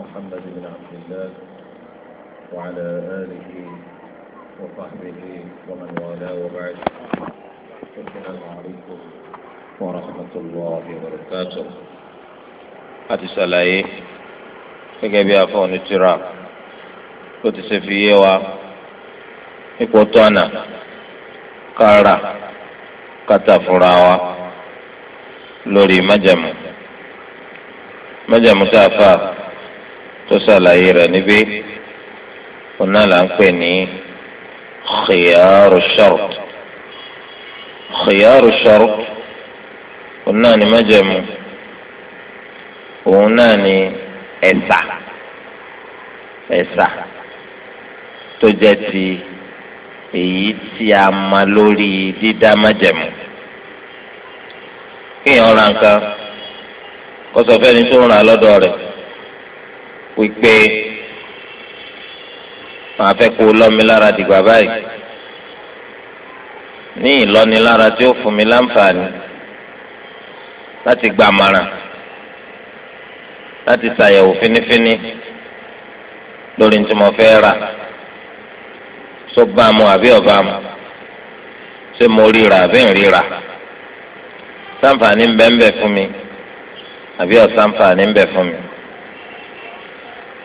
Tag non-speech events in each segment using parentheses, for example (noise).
محمد بن عبد الله وعلى آله وصحبه ومن والاه وبعد السلام عليكم ورحمة الله وبركاته àti ṣàlàyé gẹ́gẹ́ bí afọ onítìrà ó ti ṣe fi yé wa ipò tọ́nà kára kàtà wa lórí májàmú májàmú tá a fà á tó ṣàlàyé rẹ̀ níbí ọ̀nà là ń pè ní khiyaru shart khiyaru shart ọ̀nà ni májẹ̀mú òun náà ni ẹ̀sà ẹ̀sà tó jẹ́ ti èyí tí a ma lórí dídá májẹ̀mú kéèyàn ra nǹkan kó sọ fẹ́ni tó ń ra lọ́dọ̀ rẹ̀ wípé màá fẹ́ kó lọ́mi dìgbà báyìí ní ìlọ́nilára tí ó fún mi láǹfààní láti gba àmàràn láti ṣàyẹ̀wò fínífíní lórí ní tí mo fẹ́ rà tó bá mu àbí ọ̀bá mu ṣé mo ríra àbí ń sáǹfààní ń bẹ ń bẹ fún mi àbí ọ̀sáǹfààní ń bẹ fún mi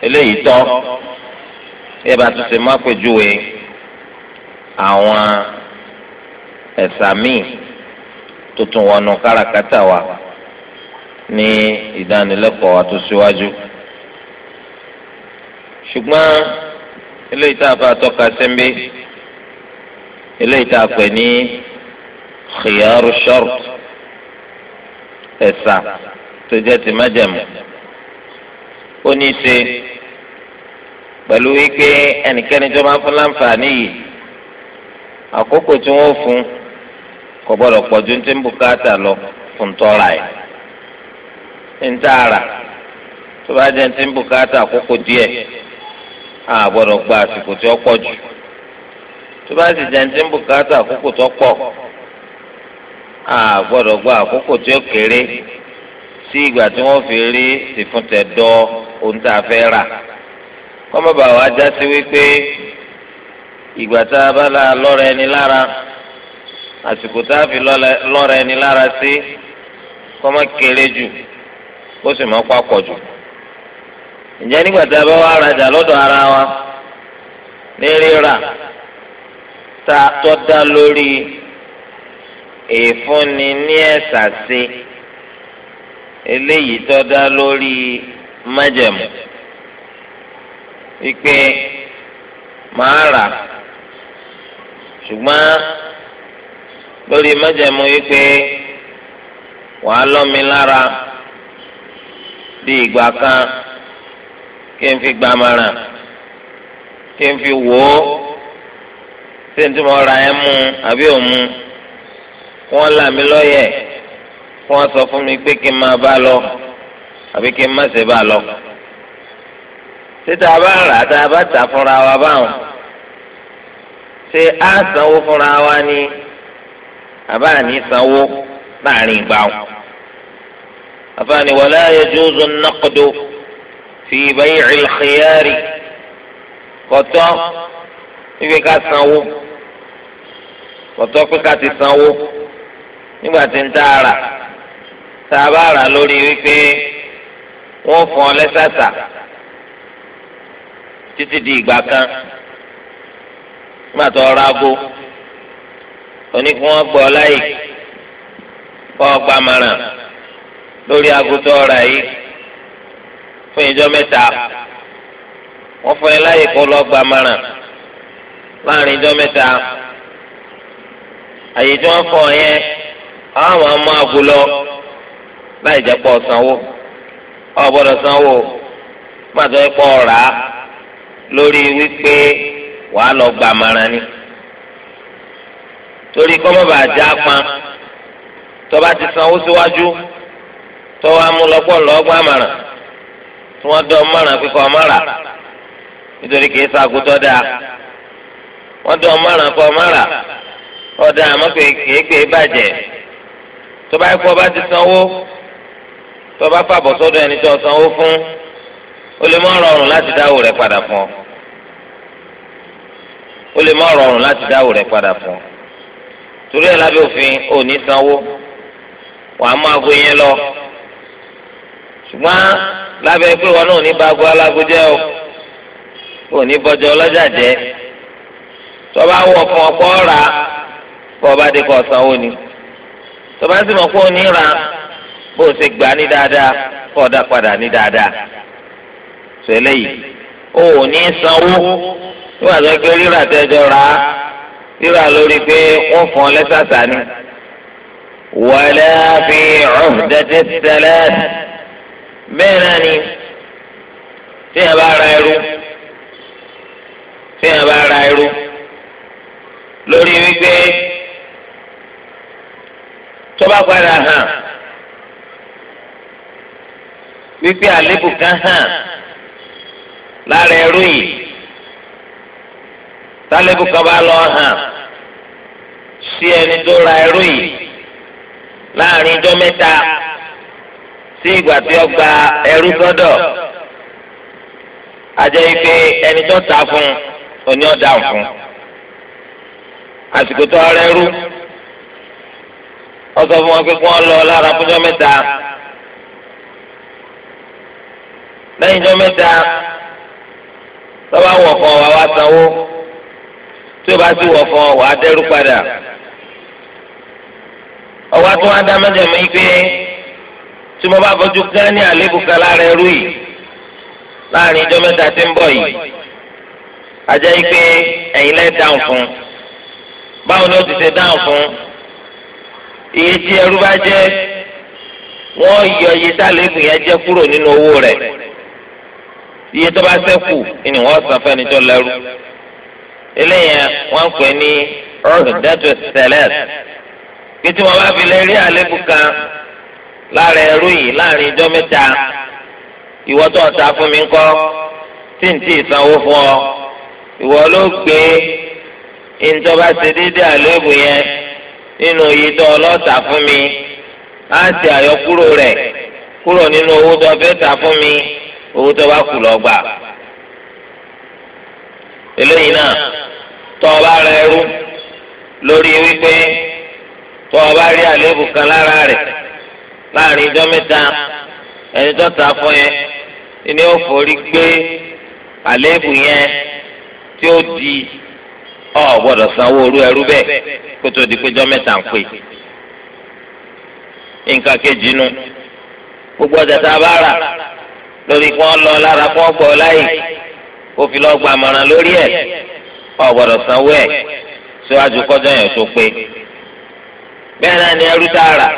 eléyìí tán bí ẹ bá tún ṣe má pèjúwe àwọn ẹ̀sà míì tuntun wọnú káràkátà wa ní ìdánilẹ́kọ̀ọ́ àtúnṣíwájú ṣùgbọ́n eléyìí tá a bá tọ́ka sẹ́ńbẹ́ eléyìí tá a pè ní khiyaru short ẹ̀sà tó jẹ́ ti májẹ̀mú ó ní í ṣe pẹ̀lú wípé ẹnikẹ́ni tó máa fún láǹfààní yìí àkókò tí wọ́n fún kò gbọ́dọ̀ pọ̀ ju ti ń bùkátà lọ fún tọ́ra ẹ̀ ń tààrà tó bá jẹ́ ti ń bùkátà àkókò díẹ̀ a gbọ́dọ̀ gba àsìkò tí ó pọ̀ jù tó bá sì jẹ́ ti ń bùkátà àkókò tó pọ̀ a gbọ́dọ̀ gba àkókò tí ó kéré sí ìgbà tí wọ́n fi rí ìfúntẹ̀dọ́ ohun tá a fẹ́ rà. kọ́mọ́ bá wa wípé ìgbà tá a bá la lọ́rọ̀ ẹni lára àsìkò tá a fi lọ́rọ̀ ẹni lára sí kọ́mọ́ kéré jù ó sì mọ́ pàpọ̀ jù. ǹjẹ́ nígbà tá lọ́dọ̀ ara wa ní rírà tá a tọ́ da lórí ìfúnni ní ẹ̀sà wípé màá rà ṣùgbọ́n lórí májẹ̀mú wípé wàá lọ́ mi lára bí ìgbà kan kí n fi gbàmọ̀ràn kí n fi wò ó tí n tí mo ra ẹ mú àbí òmu wọ́n là mí lọ́yẹ̀ wọ́n sọ fún mi pé kí n máa bá lọ àbí kí n má ṣe bá lọ títa bá rà tá a bá tà fúnra wa báwọn ṣé a sanwó fúnra wa ní àbá ní sanwó láàrin ìgbà wọn. àfààní wala yajuzu an-naqdu fi bay'il khiyari kọ̀tọ́ wípé ká sanwó kọ̀tọ́ pé ká ti sanwó nígbà tí ń tá rà tá a bá rà lórí wípé wọ́n fún ọ títí di ìgbà kan nígbà tó ọrọ ago oníkun ọgbọ láyè kọ ọgbà màrán lórí ago tó ọrọ yìí fún ìjọ mẹ́ta wọn fún ẹ láyè kó lọ gbà màrán láàrin ìjọ mẹ́ta àyè tí wọn fọ yẹn àwọn ọmọ ago lọ láì jẹ pọ sanwó ọ gbọ́dọ̀ sanwó nígbà tó ẹ pọ ọrọ lórí wípé wàá lọ gba àmàràn ni torí kọ́ bàbà já pọn tọ́ba ti sanwó síwájú tọ́wọ́ amúlọ́pọ̀ lọ́gbọ́n àmàràn tí wọ́n dán márùn kíkọ́ ọmọ́ra nítorí kìí sàgùtọ́ dáa wọ́n dán márùn kọ́ ọmọ́ra ọ̀dà àmọ́pẹ́ kìí pé bàjẹ́ tọ́ba ẹ̀kọ́ bá ti sanwó tọ́ba fàbọ̀ sọ́dọ̀ ẹni tó sanwó fún ó lè má rọrùn láti dáwó rẹ̀ padà fún ọ ó lè má rọrùn láti dáwó rẹ̀ padà fún ọ torí ẹ̀ lábẹ́ òfin ò ní sanwó wàá mú aago yẹn lọ ṣùgbọ́n lábẹ́ pé wọn náà ò ní bá aago alágo jẹ́ o ò ní bọ́jọ ọlọ́jà jẹ́ tọ́ba wọ̀ fún ọ̀pọ̀ ọ̀ra kọ́ ọba dé kọ́ sanwó ni tọ́ba sì mọ̀ pé ò ní ra bó o ṣe gbà ní dáadáa kọ́ ọ̀dà padà ní dáadáa sẹ́lẹ̀ yìí o ò ní sanwó nígbà tó ké rírà tẹ́jọ́ rà á rírà lórí pé wọ́n fún ọ lẹ́sàsà ni. wala fi uhdati thalat bẹ́ẹ̀ náà ni tí yẹn bá ra irú tí yẹn bá ra irú lórí wípé tó bá padà hàn wípé àlébù kan hàn lára ẹrú yìí tálẹ́bù kan bá lọ hàn sí ẹni tó ra ẹrú yìí láàrin ijọ́ mẹ́ta sí ìgbà tí ó gba ẹrú sọ́dọ̀ àjẹ́ ife ẹni tó ta fún òní ọ̀dà fún àsìkò tó ọrẹ rú wọ́n sọ fún wọn pé kí wọ́n lọ lára fúnjọ́ mẹ́ta lẹ́yìn ijọ́ mẹ́ta tọ́ba wọ̀ fún ọ wá sanwó tí o bá sì wọ̀ fún ọ wà á dẹ́rù padà ọwọ́ tó wá dá mẹ́jẹ̀mú yìí pé tí mo bá fojú kán ní àléébù kan lára ẹrú yìí láàrin ijọ́ mẹ́ta tí ń bọ̀ yìí ajá yìí pé ẹ̀yin lẹ́ dáhùn fún báwo ni ó ti ṣe dáhùn fún iye tí ẹrú bá jẹ́ wọ́n yọ iye tá àléébù yẹn jẹ́ kúrò nínú owó rẹ̀ iye tó bá ṣẹ́kù ni wọ́n san fẹ́ni tó lẹ́rú eléyìí wọ́n ń pè ní ọ̀dàtò sẹlẹ̀t kí tí wọ́n bá fi lè rí àléébù kan lára ẹrú yìí láàrin ijọ́ mẹ́ta ìwọ tó ta fún mi kọ́ tí n tí ì sanwó fún ọ ìwọ ló gbé ìjọba ṣe déédéé àléébù yẹn nínú iye tó ọlọ́ta fún mi á àyọkúrò rẹ̀ kúrò nínú owó tó fẹ́ ta fún mi owó tó bá kù lọ gbà eléyìí náà tó o bá rẹ ẹrú lórí wípé tó o bá rí àléébù kan lára rẹ̀ láàrin ijọ́ mẹ́ta ẹni tó ta fún yẹn ni ó forí gbé àléébù yẹn tí ó di ọ gbọ́dọ̀ sanwó orú ẹrú bẹ́ẹ̀ kó tó di pé ijọ́ mẹ́ta ń pè nǹkan kejì nu gbogbo ọjà tá a bá rà lórí kí wọ́n lọ lára kí wọ́n gbọ́ láyè kó fi lọ́ọ́ gba àmọ̀ràn lórí ẹ̀ ọ̀ gbọ́dọ̀ sanwó ẹ̀ síwájú kọjá yẹn tó pé bẹ́ẹ̀ náà ni ẹrú tààrà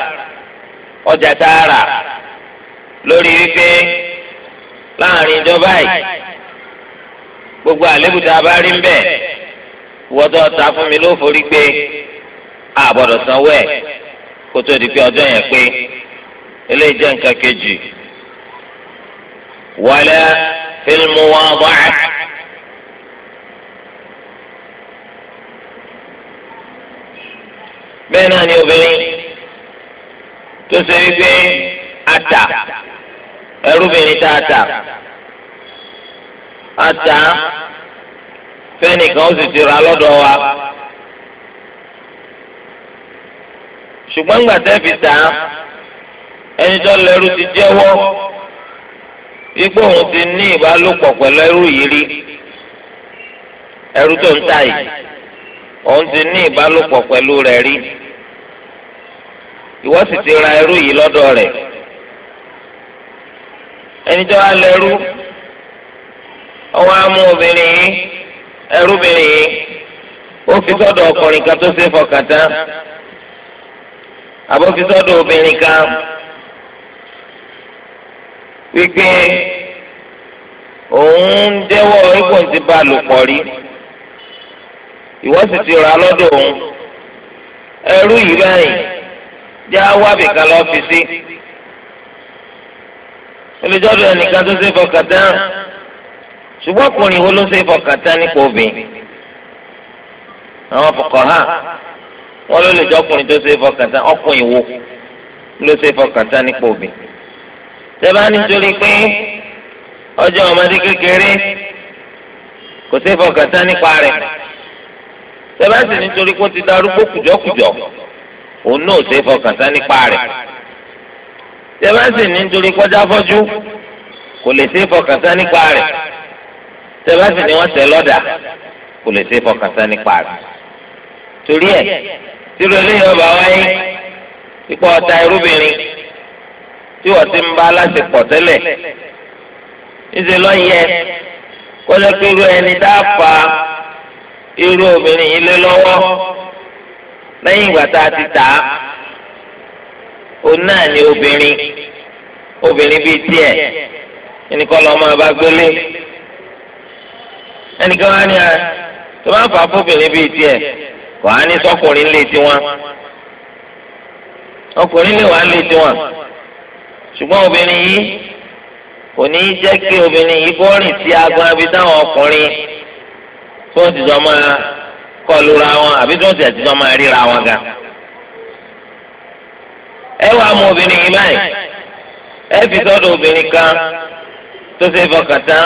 ọjà tààrà lórí wípé láàrin ìjọba yìí gbogbo àlébù tá a bá rí ń bẹ̀ wọ́tọ̀ ta fún mi ló forí gbé àbọ̀dọ̀ sanwó ẹ̀ kó tó di pé ọjọ́ yẹn pé eléyìí jẹ́ nǹkan kejì. ولا في المواضعة bẹ́ẹ̀ أن ni obìnrin أتا ṣe wípé أتا ẹrúbìnrin tá a ta ata fẹ́nìkan ó sì ti ra lọ́dọ̀ wa ṣùgbọ́n gbàtẹ́ fi ta ẹni tó lẹ́rú ti jẹ́wọ́. ikú òun ti ní ìbálòpọ̀ pẹ̀lú ẹrú yìí rí ẹrú tó ń tà yìí òun ti ní ìbálòpọ̀ pẹ̀lú rẹ̀ rí ìwọ sì ti ra ẹrú yìí lọ́dọ̀ rẹ̀ ẹni tó wá lẹ́rú ọwọ́ amú obìnrin yìí ẹrúbìnrin yìí ó fi sọ́dọ̀ ọkùnrin kan tó ṣe fọkàn tán àbó fi sọ́dọ̀ obìnrin kan. wípé òun ń jẹ́wọ́ ipò ti bá a lò pọ̀ rí ìwọ sì ti rà lọ́dọ̀ òun ẹrú yìí báyìí jẹ́ awábì kan lọ́fíìsì olùjọ́dọ̀ ẹnìkan tó ṣe fọkàn tán ṣùgbọ́n ọkùnrin wo ló ṣe fọkàn tán nípa obìnrin àwọn fọkàn hàn wọ́n ló lè jọ ọkùnrin tó ṣe fọkàn tán ọkùnrin wo ló ṣe fọkàn tán nípa obìnrin tẹ́lá nítorí pé ọjọ́ ọmọdé kékeré kò sí ìfọkàntán nípa rẹ̀ tẹ́lá sì nítorí pé ó ti darúgbó kùjọ́kùjọ́ òun náà sí ìfọkàntán nípa rẹ̀ tẹ́lá sì nítorí kọjá fọ́jú kò lè sí ìfọkàntán nípa rẹ̀ tẹ́lá sì ni wọ́n tẹ̀ lọ́dà kò lè sí ìfọkàntán nípa rẹ̀ torí ẹ̀ tí lóore yóò bá wáyé ipò ọ̀tá irúbìnrin tí wọ́n ti ń bá aláṣepọ̀ tẹ́lẹ̀ níṣẹ́ lọ yẹ kó lè pé irú ẹni dáàfà irú obìnrin yìí lé lọ́wọ́ lẹ́yìn ìgbà tá a ti tà á òun náà ni obìnrin obìnrin bíi tiẹ̀ ẹnìkan lọ́ọ́ máa bá gbélé ẹnìkan wá ní a tó máa fà á fóbìnrin bíi tiẹ̀ kò á ní sọ́kùnrin lé tiwọn ọkùnrin lè wá lé tiwọn ṣùgbọ́n obìnrin yìí kò ní í jẹ́ kí obìnrin yìí bọ́ọ̀rìn sí agbọn abí táwọn ọkùnrin tó ń tìjọ máa kọlu ra wọn àbí tó ń tẹ̀ tìjọ máa ríra wọn gan. ẹ wàá mú obìnrin yìí báyìí ẹ fi sọ́dọ̀ obìnrin kan tó ṣe fọkàn tán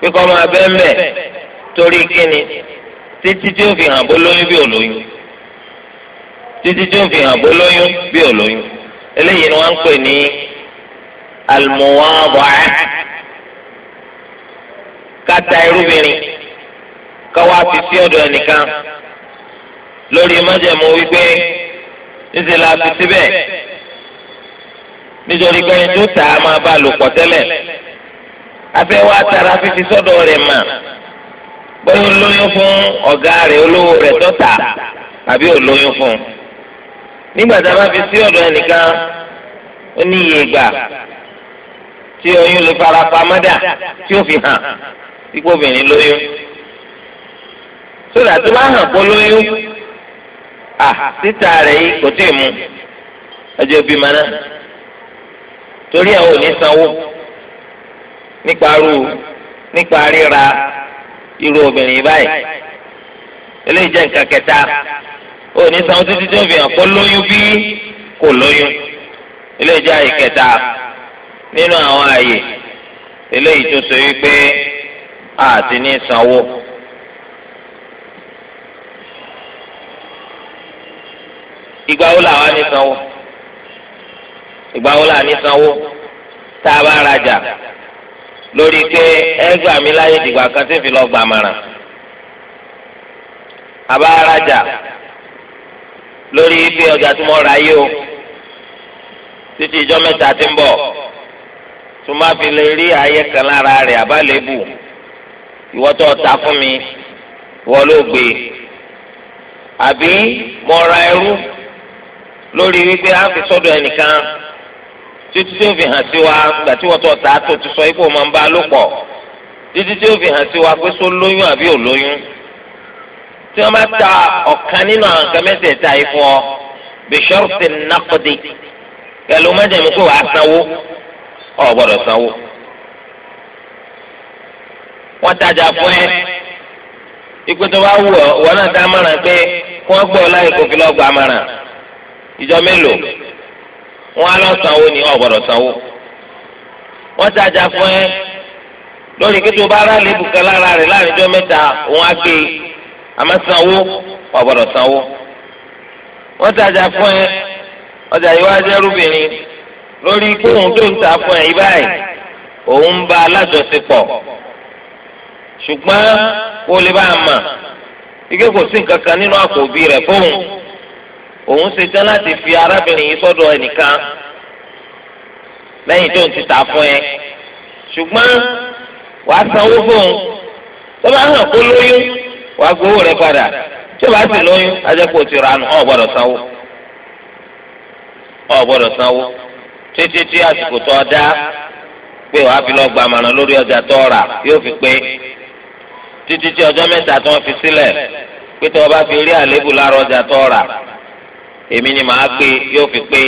pé kọ́ máa bẹ́ẹ̀ mẹ́ torí kíni títí tí ó fi hàn bó lóyún bí ò lóyún títí tí ó fi hàn bó lóyún bí ò lóyún eléyìí ni wọ́n ń pè ní almuwaadhaa kata irúbìnrin káwá fi sí ọ̀dọ̀ ẹnìkan lórí májẹ̀mú wípé níṣẹ́ la fi síbẹ̀ nítorí pé ẹni tó tà á máa bá lò pọ̀ tẹ́lẹ̀ afẹ́ wa tara fífi sọ́dọ̀ rẹ̀ mà bóyá olóyún fún ọ̀gá rẹ̀ olówó rẹ̀ tó àbí olóyún fún un nígbà tá a bá fi sí ọ̀dọ̀ ẹnìkan ó ní iye ìgbà tí oyún lè fara pamọ́ dà tí ó fi hàn ipò obìnrin lóyún sódà tó bá hàn kó lóyún à síta rẹ̀ yìí kò tí ì mú ọjọ́ bímọ náà torí ẹ̀ ò ní sanwó nípa rú nípa ríra irú obìnrin báyìí eléyìí jẹ́ nǹkan kẹta ó ní sanwó títí tó fi hàn kó lóyún bí kò lóyún eléyìí jẹ́ àyè kẹta nínú àwọn àyè eléyìí tó so wípé àti ní sanwó. ìgbà wo làwọn ní sanwó ìgbà wo làwọn ní sanwó tá a bá rajà lórí pé ẹ gbà mí láyé dìgbà kan tí fi lọ gbàmọ̀ràn àbá rajà lórí ibi ọjà tí mo rà yìí o títí ìjọ mẹ́ta tí ń bọ̀ tó má fi lè rí ààyè kan lára rẹ̀ àbálẹ́bù ìwọ tó ta fún mi wọ́n ló gbé àbí mo ra ẹrú lórí wípé a fi sọ́dọ̀ ẹnìkan títí tí ó fi hàn sí wa gbà tí wọ́n tó ta tó ti sọ ipò máa ń bá lò pọ̀ títí tí ó fi hàn sí wa pé só lóyún àbí ò lóyún tí wọ́n bá ta ọ̀kan nínú àwọn nǹkan mẹ́tẹ̀ẹ̀ta yìí fún ọ bishọ́ọ̀tì nàkọ́dé pẹ̀lú mẹ́jẹ̀mí kó wàá sanwó ọ̀ gbọ́dọ̀ sanwó. wọ́n tajà fún ẹ ikú tó bá wù ọ ìwọ náà dá mọ̀ràn pé kí wọ́n láì kó fi lọ́ọ́ ìjọ mélòó wọ́n á lọ sanwó ni ọ̀ gbọ́dọ̀ sanwó. wọ́n tajà fún ẹ lórí kí tó bá rà lébùkẹ́ lára rẹ̀ láàrin ọjọ́ mẹ́ta wọ́n á gbé e ama sanwó wà gbọ́dọ̀ sanwó wọ́n tajà fún ẹ ọjà yìí wá jẹ́ rúbìnrin lórí pé òun tó ń ta fún ẹ yìí báyìí òun ń bá alájọṣepọ̀ ṣùgbọ́n kó lè bá a mà ike kò sí nǹkan kan nínú àpò òbí fóun òun ṣe tán láti fi arábìnrin yìí sọ́dọ̀ ẹnìkan lẹ́yìn tó ń ti ta fún ẹ ṣùgbọ́n wàá sanwó fóun tó bá hàn kó lóyún wàá gbowó rẹ padà tí o bá sì lóyún ajẹ́pọ̀ ti ra nù ọ̀ gbọ́dọ̀ sanwó ọ̀ gbọ́dọ̀ sanwó títí tí àsìkò tó dá pé wàá fi lọ gba àmàràn lórí ọjà tó rà yóò fi pé títí tí ọjọ́ mẹ́ta tó ń fi sílẹ̀ pé tí wọ́n bá fi rí àléébù lára ọjà tó rà èmi ni màá pé yóò fi pé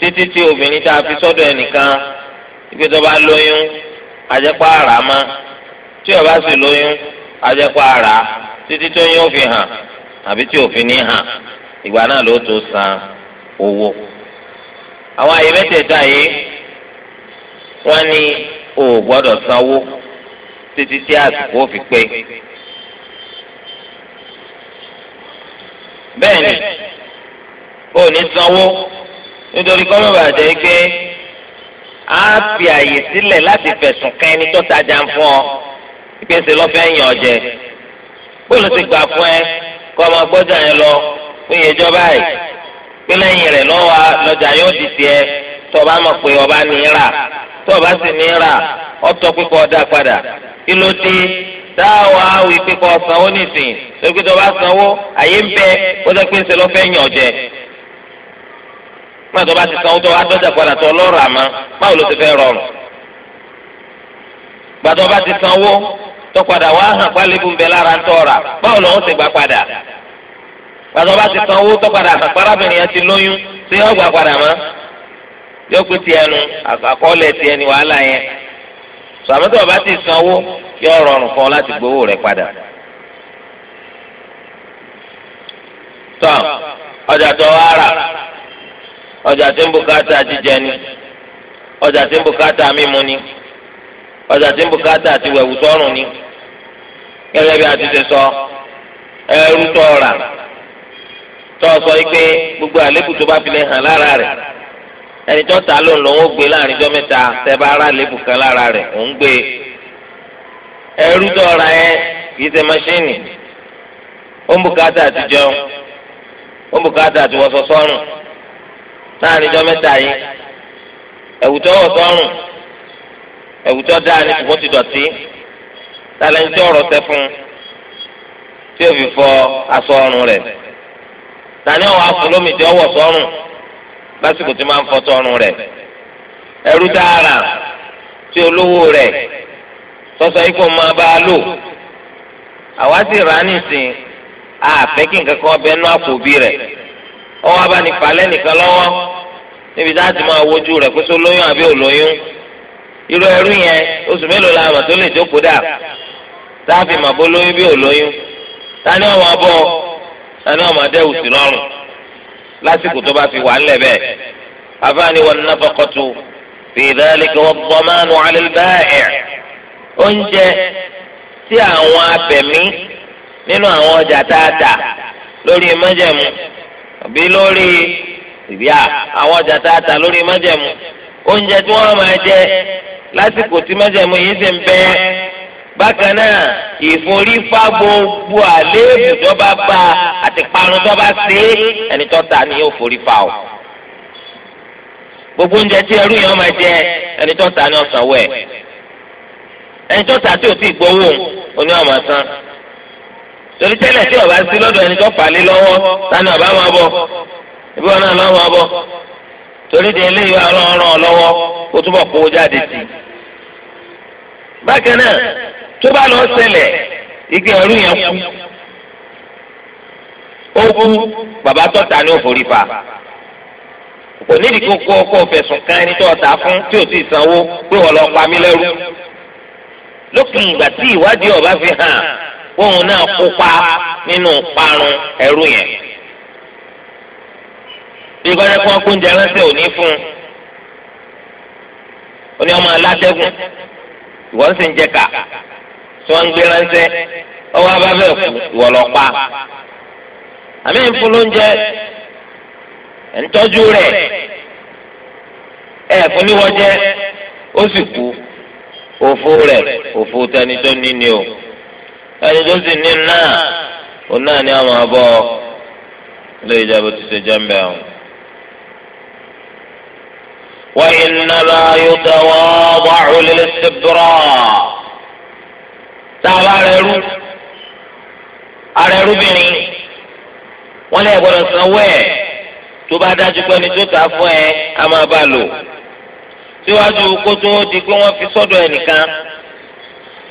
títí tí obìnrin tá a fi sọ́dọ̀ ẹnìkan ibi tó bá lóyún ajẹ́pọ̀ àràmá tí o bá sì lóyún ajẹ́pọ̀ ara títí tó yín ó fi hàn àbí tí fi ní hàn ìgbà náà ló tó san owó. àwọn àyè mẹ́tẹ̀ẹ̀ta yìí wọ́n ní o ò gbọ́dọ̀ sanwó títí tí àsìkò fi pé. bẹ́ẹ̀ni o ò ní sanwó nítorí kọ́mọ̀bà jẹ́ pé a fi àyè sílẹ̀ láti fẹ̀sùn kan ẹni tó tajà ń fún ọ. ìpèsè lọ́fẹ́ yàn ọ̀jẹ̀ bóòlù ti gbà fún ẹ kọ́ ọmọ gbọ́dọ̀ yẹn lọ pé ìjọba ẹ̀ pé lẹ́yìn rẹ̀ lọ́wọ́ lọ́jà yóò di tiẹ̀ tọba mọ̀ pé ọba ní í rà tọba sì ní í rà ọtọ pípọ̀ ọ̀dà padà kí ló dé táwa wí pípọ̀ sanwó nìsín lókè tọba sanwó àyè ń bẹ ó jẹ́ pé ń ṣe lọ́fẹ́ yàn ọ̀jẹ̀ pé tọba ti sanwó tọba dọ́jà padà tọ lọ́rọ̀ àmọ́ báwo ló ti fẹ́ rọrùn. gbàtọ́ bá ti sanwó tó wà hàn pálíbù ń bẹ lára ń tọ́ra báwo lòun ti gba padà gbàtọ́ bá ti sanwó tó padà hàn parábìnrin yẹn ti lóyún tí yóò gbà padà mọ. yóò pé tiẹ̀ nu àkọọ́lẹ̀ tiẹ̀ ni wàhálà yẹn sàmútọ̀ ọba ti sanwó yóò rọrùn fún ọ láti gbowó rẹ padà. tọ ọjà tó wá ọjà tí ń bùkátà jíjẹ ni ọjà tí ń bùkátà mímu ni. ọjà tí bùkátà àti wẹ̀wù ọrụ ni gẹ́gẹ́ bí a ṣe sọ ẹrú tó ọ̀rà tó sọ pé gbogbo àlébù tó bá fi hàn lára rẹ̀ ẹni ta ló ń lọ gbé láàrin jọ mẹ́ta tẹ́ bá ara kan lára rẹ̀ òun gbé ẹrú ṣe ó ń bùkátà àti jẹun ó ń bùkátà àti ẹ̀wùjọ́ dáa ní ṣùgbọ́n ti dọ̀tí tálẹ̀ ń tí ọ̀rọ̀ tẹ fún un tí ó fi fọ aṣọ ọrùn rẹ̀ tani àwọn afọlómi tí ó wọ̀ sọ́rùn lásìkò tí máa ń fọ sọ́rùn rẹ̀ ẹrú dára tí olówó rẹ̀ sọ́sọ́ ikú máa bá a lò àwa sì rà á nìsín àfẹ́ kí nǹkan kan bẹ́ẹ̀ nú àpòbí rẹ̀ ọwọ́ abánipalẹ́ nìkan lọ́wọ́ níbi tá a ti máa wojú rẹ̀ pé sọ lóyún àbí olóyún irú ẹrú yẹn oṣù mélòó la mọ̀ tó lè jókòó dà láàfin màbó lóyún bí òlóyún tani ọmọ abọ tani ọmọ adé òsì lọ́rùn lásìkò tó bá fi wà ńlẹ̀ bẹ́ẹ̀ afáàní wọn nafaqatu fi dhalika wọn dhamanu ala al-ba'i' oúnjẹ tí àwọn abẹ̀mí nínú àwọn ọjà tààtà lórí májẹ̀mú àbí lórí ìbíà àwọn ọjà tààtà lórí májẹ̀mú oúnjẹ tí wọ́n máa jẹ lásìkò tí májàmú yìí ṣe ń bẹ bákan náà ìforífá gbogbo àléébù tó bá bá àti parun tó bá ṣe ẹni tó ta ni yóò forífá o gbogbo oúnjẹ tí ẹrú yẹn máa jẹ ẹni tó ta ni ọ̀sán wẹ̀ ẹni tó ta tí ò tí gbowó oní ọmọ san torí tẹ́lẹ̀ tí ọba sí lọ́dọ̀ ẹni tó fàlẹ́ lọ́wọ́ tani ọba máa bọ̀ ibi wọn náà lọ́wọ́ máa bọ̀ torí de eléyìí ọlọ́run lọ́wọ́ kó túbọ̀ kówó jáde sí i bákan náà tó bá lọ ṣẹlẹ̀ igi ẹrú yẹn kú ó kú bàbá tọ́ta ni ó forí fa kò nídìí kó kó ọkọ fẹ̀sùn kan ẹni tó ọ̀tá fún tí ò sì sanwó pé wọ́n lọ pa mí lẹ́rú lókun ìgbà tí ìwádìí ọba fi hàn kóun náà kópa nínú parun ẹrú yẹn bí gbọ́dọ̀ kí wọ́n kó oúnjẹ ránṣẹ́ òní fún un ó ní ọmọ aládẹ́gùn ìwọ sì ń jẹ ká tí wọn ń gbé ránṣẹ́ ọwọ́ abáfẹ kù ìwọ lọ pa àmì ìfúnlóúnjẹ ntọ́jú rẹ̀ ẹ fún níwọjẹ ó sì kú òfò rẹ̀ òfò tẹni tó ní o ẹni tó sì ní náà òun náà ni àwọn abọ ilé ìjọba ti ṣe jẹ ń bẹ àwọn. وإنما يتواضع للاستبراء tààbà arẹrú arẹrúbìnrin wọn lè gbọ́dọ̀ sanwó ẹ tó bá dájú pé ẹni tó ta fún ẹ a máa bá lò síwájú kó tó di pé wọn fi sọ́dọ̀ ẹnìkan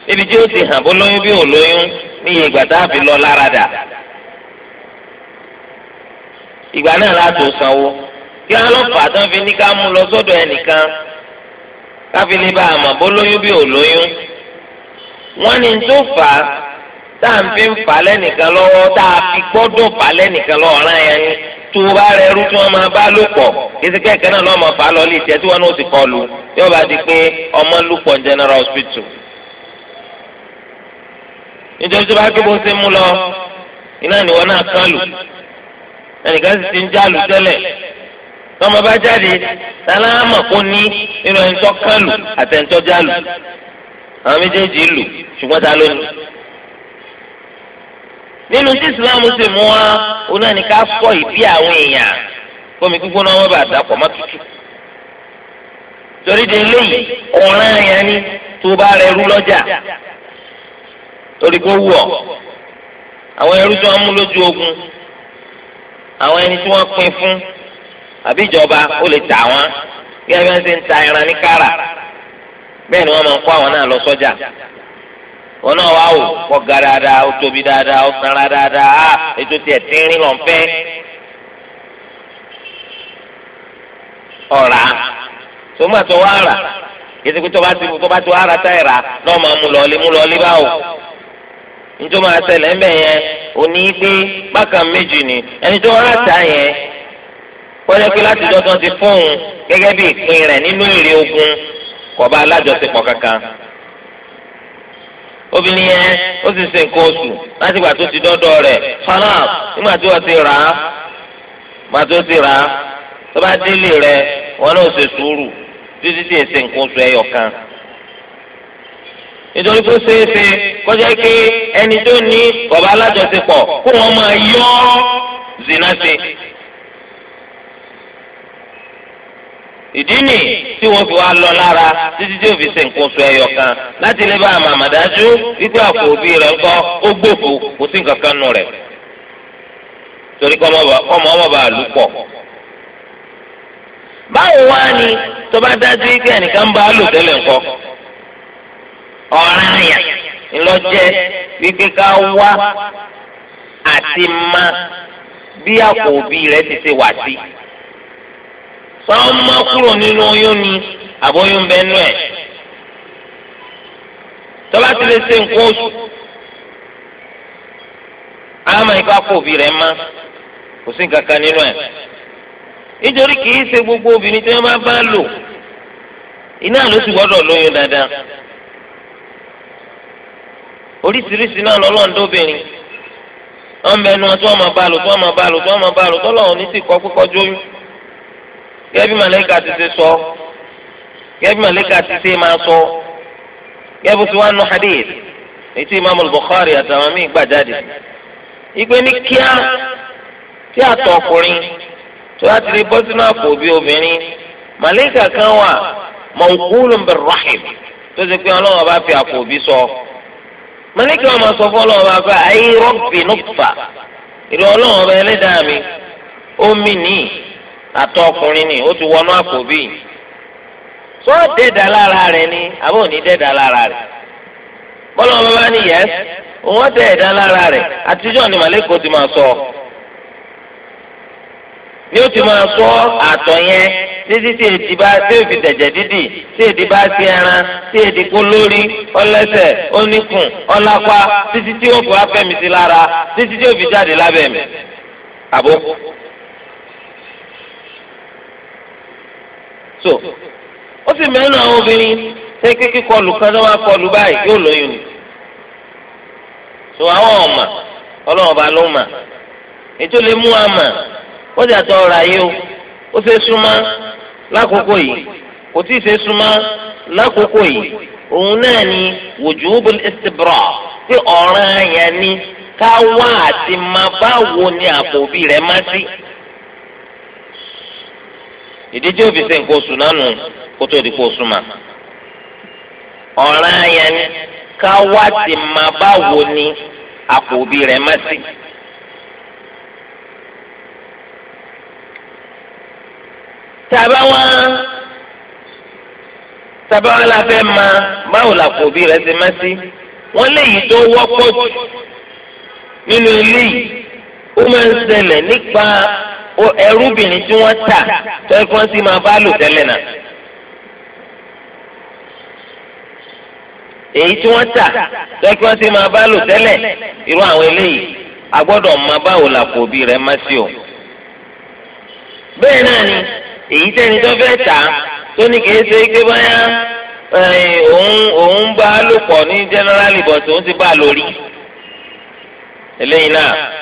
níbi tí ó ti hàn bó lóyún bí ò lóyún ní iye ìgbà tá a fi lọ láradà ìgbà náà láti sanwó kí wọn lọ fà tán fi ní ká mú lọ sọ́dọ̀ ẹnìkan káfí lè bá a mọ̀ bó lóyún bí ò lóyún wọn ni tó fà á tá à ń fi ń fà lẹ́nìkan lọ́wọ́ tá a fi gbọ́dọ̀ fà lẹ́nìkan lọ́wọ́ ọ̀ràn yẹn ni tó o bá rẹ ẹrú tí wọn máa bá lò pọ̀ kìsì kẹ̀kẹ́ náà lọ́mọ fà á lọ lè tẹ́ tí wọn náà ti kọ lu yóò bá di pé ọmọ lùpọ̀ general hospital nítorí tó bá kí bó ṣe mú lọ iná ìwọ náà kán lù ẹnìkan sì ti ń já lù tẹ́lẹ̀ tọmọ bá jáde sálámà kò ní nínú ẹni tó kán lù àtẹni tó já lù àwọn méjèèjì lù ṣùgbọ́n ta ló ní. nínú tí ìsìláàmù sì mú wa òun náà ní ká fọ ìdí àwọn èèyàn kómi gbígbóná wọn bá dàpọ̀ mọ́ tutù torí de eléyìí ọ̀ràn yẹn ni tó bá rẹ rú lọ́jà torí kó wù ọ́ àwọn ẹrú tí wọ́n mú lójú ogun àwọn ẹni tí wọ́n pín fún àbí ìjọba ó lè tà wọ́n gẹ́gẹ́ bí wọ́n ṣe ń ta ẹran ní kára bẹ́ẹ̀ ni wọ́n máa ń kó àwọn náà lọ sọ́jà wọn náà wá wò kọ́ ga dáadáa ó tóbi dáadáa ó sanra dáadáa á ètò tiẹ̀ tínrín lọ́n fẹ́ ọ̀rá sọmọ àtọ wá rà kìsìkì tó bá ti tó bá ti wá rà táyì náà máa mú lọ́ọ́lé mú lọ́ọ́lé báwò nítorí máa ṣẹlẹ̀ ń bẹ̀ yẹn òní pé bákan méjì ni ẹni tó rà tá yẹn kọjá pé láti dọ́dún ti fún un gẹ́gẹ́ bí ìpín rẹ̀ nínú èrè ogun kò bá alájọṣepọ̀ kankan. obìnrin yẹn ó sì ṣe nǹkan oṣù láti gbà tó ti dọ́dọ̀ rẹ̀ fanaf nígbà tí wọ́n ti rà á gbà tó ti rà á tó bá délé rẹ̀ wọn náà ṣe sùúrù títí tí èsì nǹkan oṣù ẹyọ nítorí pé ṣeéṣe kọjá pé ẹni tó ní kò bá kó wọn máa yọ zina ìdí nì tí wọ́n fi wá lọ lára títí tí òfin ṣe nǹkan oṣù ẹyọ kan láti lè bá àmà àmàdájú wípé àpò òbí rẹ̀ ńkọ́ ó gbòfò kò sí nǹkan kan nù rẹ̀ torí kọ́ ọmọ ọmọ bá lù pọ̀. báwo wá ni tó bá dájú wípé ẹnìkan bá lò tẹ́lẹ̀ ńkọ́ ọ̀ràn àyà ńlọ́jẹ́ wípé ká wá àti má bí àpò òbí rẹ̀ ti ṣe wà sí fáwọn ọmọ kúrò nínú oyún ni àbóyún bẹ́ẹ̀ nú ẹ̀ tọ́ba ti lè ṣe nǹkan oṣù àmọ́ ìka kó òbí rẹ̀ má kò sí nǹkan kan nínú ẹ̀ nítorí kìí ṣe gbogbo obìnrin tí wọ́n bá bá lò iná ló sì gbọ́dọ̀ lóyún dáadáa oríṣiríṣi náà lọ́lọ́run dóbìnrin wọ́n bẹnu wọn tí wọ́n bá lò tí wọ́n bá lò tí wọ́n bá lò tọ́lọ́run ní sì kọ́ pípọ́jú oyún gẹ́gẹ́ bí màlẹ́kà ti ṣe sọ gẹ́gẹ́ bí màlẹ́kà ti ṣe máa sọ gẹ́gẹ́ bí tiwọn nù hadith ètò imaamu Bukhari àtàwọn míì gbà jáde ìgbé ní kíá tí àtọ̀ ọkùnrin tó láti lè bọ́ sínú àpò bí obìnrin màlẹ́kà kan wà mọ̀nkúlù bẹ̀ rahim tó ti pé ọlọ́wọ́ bá fi àpò bí sọ màlẹ́kà wọn máa sọ fún ọlọ́wọ́ bá ayé rọ́bì nùfà ìrọ̀ bá ẹlẹ́dàá mi ó mì nìyí àtọ ọkùnrin ni ó ti wọnú àkòbí tó dẹ́dà lára rẹ̀ ni àbí òní dẹ́dà lára rẹ̀ bọ́lá wọn bá ní yẹs òun dẹ́dà lára rẹ̀ àtijọ́ ni màlẹ́kọ̀ọ́ ti máa sọ ni ó ti máa sọ àtọ̀ yẹn títí tí èdè bá tí èfi tẹ̀jẹ̀ dídì tí èdè bá ti ẹran tí èdè kó lórí ọlẹ́sẹ̀ oníkùn ọlápá títí tí ó fura fẹ́mi sí lára títí tí ó fi jáde lábẹ́ mi àbókù. so ó sì mẹ́rin àwọn obìnrin ṣé kékeré kọlù kan tó máa kọlù báyìí yóò lóyún ni so àwọn ọmọ ọlọ́run ọba ló mà ètò lè mú àmà ó jà tó ọ̀rọ̀ ayé o ó ṣe súnmọ́ lákòókò yìí kò tí ì ṣe súnmọ́ lákòókò yìí òun náà ni wujubul istibra tí ọ̀ràn yẹn ni ká wá àti máa báwo ni àpò rẹ̀ má sí ìdí tí òbí ṣe nǹkan oṣù náà nù kó tó di kó oṣù mà. ọ̀ràn ayẹn ni ká wá ti máa báwo ni àpò òbí rẹ̀ má sí. tàbá wọn tàbá wọn la fẹ́ máa báwo làpò òbí rẹ̀ ṣe má sí. wọ́n léyìí tó wọ́pọ̀ jù nínú ilé yìí ó máa ń ṣẹlẹ̀ nípa ẹrúbìnrin tí wọ́n tà tó kí wọ́n sì máa bá lò tẹ́lẹ̀ náà. èyí tí wọ́n tà tó kí wọ́n sì máa bá lò tẹ́lẹ̀ irú àwọn eléyìí a gbọ́dọ̀ máa báwo làpò òbí rẹ̀ má sí o. bẹ́ẹ̀ náà ni èyí tẹ́ni tó fẹ́ tà tó ní kìí ṣe pé báyà òun òun bá lò pọ̀ ní general ibọ̀ ti bá lórí. eléyìí náà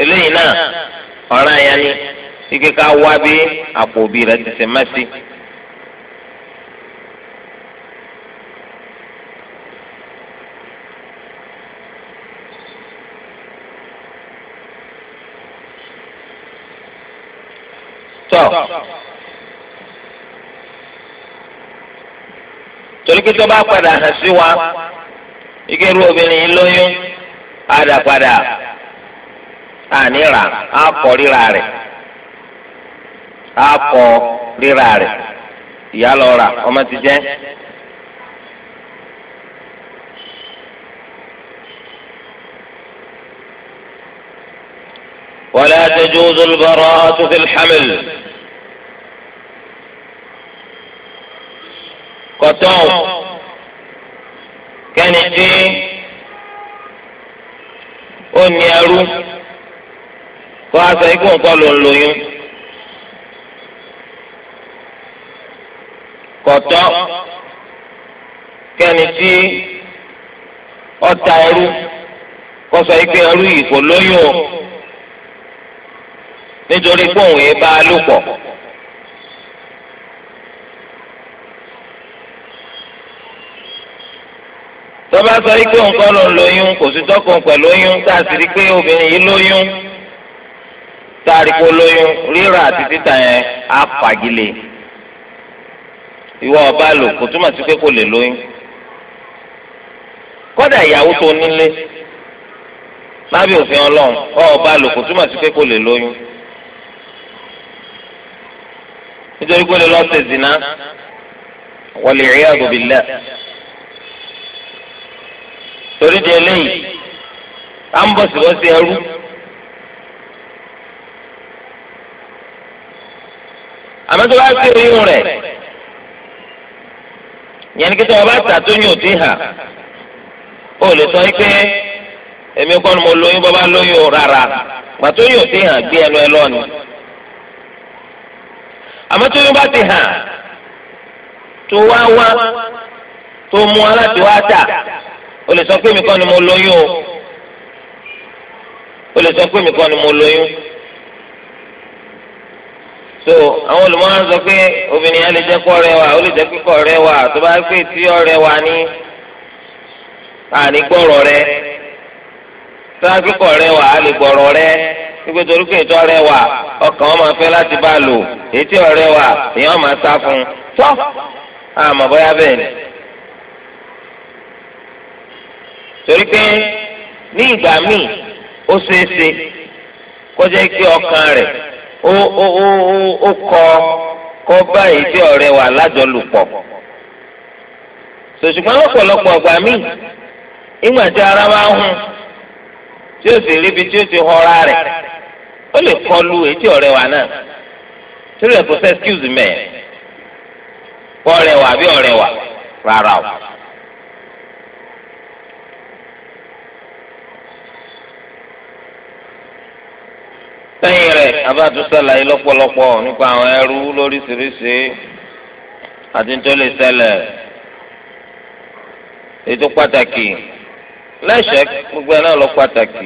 eléyìí náà ọ̀ràn yẹn ni ike ká wá bí àpò òbí rẹ̀ ti sè mẹ́sì. tọ torí kí tó bá padà hàn sí wa ike ru obìnrin lóyún padà padà àníra àpọ̀ ríra rẹ̀ àpọ̀ ríra rẹ̀ ìyá lọ rà ọmọ ti jẹ́. ولا تجوز البراءة في الحمل kọtọn kẹ́ni tí ó ní ẹrú kó a sọ ikú nǹkan ló ń lóyún kọ̀tọ́ kẹ́ni tí ọta ẹrú kó sọ ikú ẹrú yìí kò lóyún o nítorí pé òun bá a lò pọ̀. tọ́ba sọ ikú nǹkan ló ń lóyún kò sí tọ́kùn pẹ̀lú oyún tá a sì rí i pé obìnrin yìí lóyún. Tari kó lóyún rírà àti títà yẹn á fagilé ìwọ ọba lò kò túmọ̀ sí pé kò lè lóyún kódà ìyàwó tó nílé lábẹ́ òfin ọlọ́run ọba lò kò túmọ̀ sí pé kò lè lóyún nítorí pé ó lè zina wọlé rí àgùnbílẹ̀ torí di eléyìí à ń bọ̀ síbọ̀ sí ẹrú. àmọ́ tó bá gbé oyún rẹ̀ yẹn ni kíkọ́ ọba tà tó yùn tí hà ó lè sọ pé èmi kọ́ ni mo lóyún bọ́bá lóyún rárá pàtó yùn tí hà gbé ẹnu ẹ lọ́nu àmọ́ tó bá ti hà tó wá wá tó mú aláti wá tà ó lè sọ pé èmi kọ́ ni mo lóyún ó lè sọ pé èmi kọ́ ni mo lóyún so àwọn olùmọ̀ràn sọ pé obìnrin yẹn lè jẹ́ kọ́ rẹwà ó lè jẹ́ kíkọ́ rẹwà tó bá pè tí ọ rẹwà ní ànígbọ̀rọ̀ rẹ tó bá kíkọ́ rẹwà á lè gbọ̀rọ̀ rẹ gbogbo torí pé ètò rẹwà ọkàn wọn máa fẹ́ láti bá lò ètò rẹwà èèyàn máa sá fún un tọ́ àmọ́ bóyá bẹ́ẹ̀ ni. torí pé ní ìgbà míì ó ṣeé ṣe kó jẹ́ kí ọkàn rẹ̀. ó kọ kọ báyìí tí ọ̀rẹ́ wà ara máa ń tí ó sì ríbi tí ó ti họra rẹ ó lè kọlu etí ọrẹwa wa náà torí ẹ̀ kò sẹ́ excuse me ọrẹ wa bí ọrẹ wa rárá o. lẹ́yìn rẹ̀ abáàtú sàlàyé lọ́pọ̀lọpọ̀ nípa àwọn ẹrú lóríṣiríṣi àti tó lè ṣẹlẹ̀ ètò pàtàkì lẹ́sẹ̀ gbogbo ẹ̀ náà lọ pàtàkì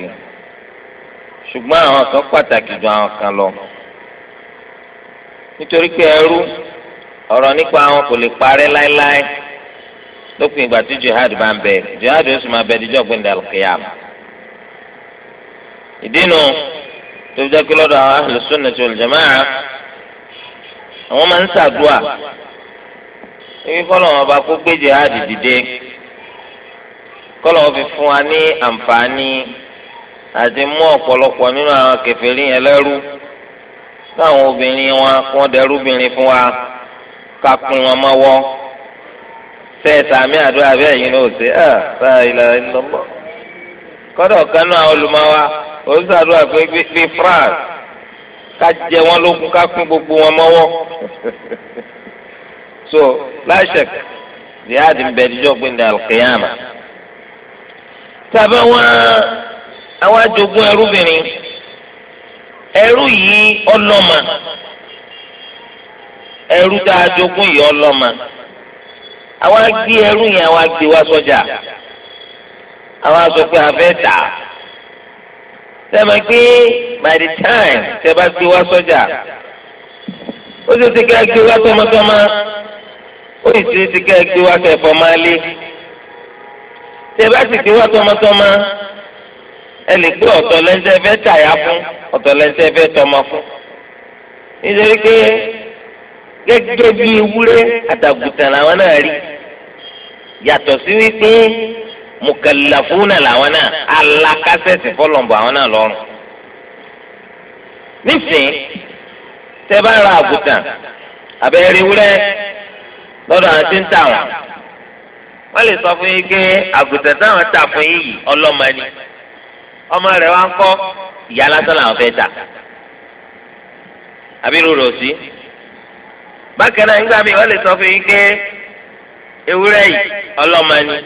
ṣùgbọ́n àwọn kan pàtàkì ju àwọn kan lọ nítorí pé ẹrú ọ̀rọ̀ nípa àwọn kò lè parẹ́ láéláé lópin ìgbà tí jihad bá ń bẹ jihad ó sì máa bẹ díjọ́ gbẹ̀ndẹ̀ àlùkìyà ìdínú lórí jẹ́ pé lọ́dọ̀ àwọn ahlu sunnah wal jamaa'ah àwọn máa ń ṣàdúà ebi kọ́lọ́wọ́n ọba kó gbé jihadi dìde kọ́lọ́wọ́n fi fún wa ní àǹfààní àti mú ọ̀pọ̀lọpọ̀ nínú àwọn kèfèrí yẹn lẹ́rú táwọn obìnrin wọn kó dẹrúbìnrin fún wa ká kún wọn mọ́wọ́ sẹ́ẹ̀tà mi àdúrà bẹ́ẹ̀ yìí ló ṣe ẹ̀ ṣáà ìlà ìlọ́gbọ́ kọ́dọ̀ kanú àwọn olùmọ́wá ó ń ṣàdúrà pé bí France ká jẹ wọn lógún ká gbogbo wọn mọ́wọ́ (laughs) so láṣẹ jihad ń bẹ níjọ́ gbẹndẹ alkiyama tàbí wọn àwọn àjogún ẹrúbìnrin ẹrú yìí ọlọ́mà ẹrú tá a jogún yìí ọlọ́mà àwọn agbé ẹrú yẹn àwọn agbé wa sọ́jà àwọn aṣọ pé a fẹ́ tà á sẹ́mi pé by the time tẹ́ bá gbé wá sọ́jà ó sì ti ká gbé wá tọmọtọmọ ó sì ti ti ká gbé wá kẹfọ́ máa lé tẹ́ bá sì gbé wá tọmọtọmọ ẹ lè gbé ọ̀tọ̀ lẹ́sẹ̀ fẹ́ tàyà fún ọ̀tọ̀ lẹ́sẹ̀ fẹ́ tọmọ fún nítorí pé gẹ́gẹ́ bí ewúrẹ́ àtàgùtàn làwọn náà rí yàtọ̀ sí wípé mukalafuna làwọn náà alákàsẹ̀sì fọlọ́ǹbọ̀ àwọn náà lọ́rùn. nísìnyí tẹ́ bá ra àgùntàn àbẹ̀rẹ̀ wúrẹ́ lọ́dọ̀ àwọn tí ń tà wọ́n wọ́n lè sọ fún yín pé àgùntàn táwọn tà fún yín yìí ọlọ́mọ ni ọmọ rẹ̀ wá ń kọ́ ìyá lásán làwọn fẹ́ tà àbí rúurú òsì bákan náà nígbà míì wọ́n lè sọ fún yín pé ewúrẹ́ yìí ọlọ́mọ ni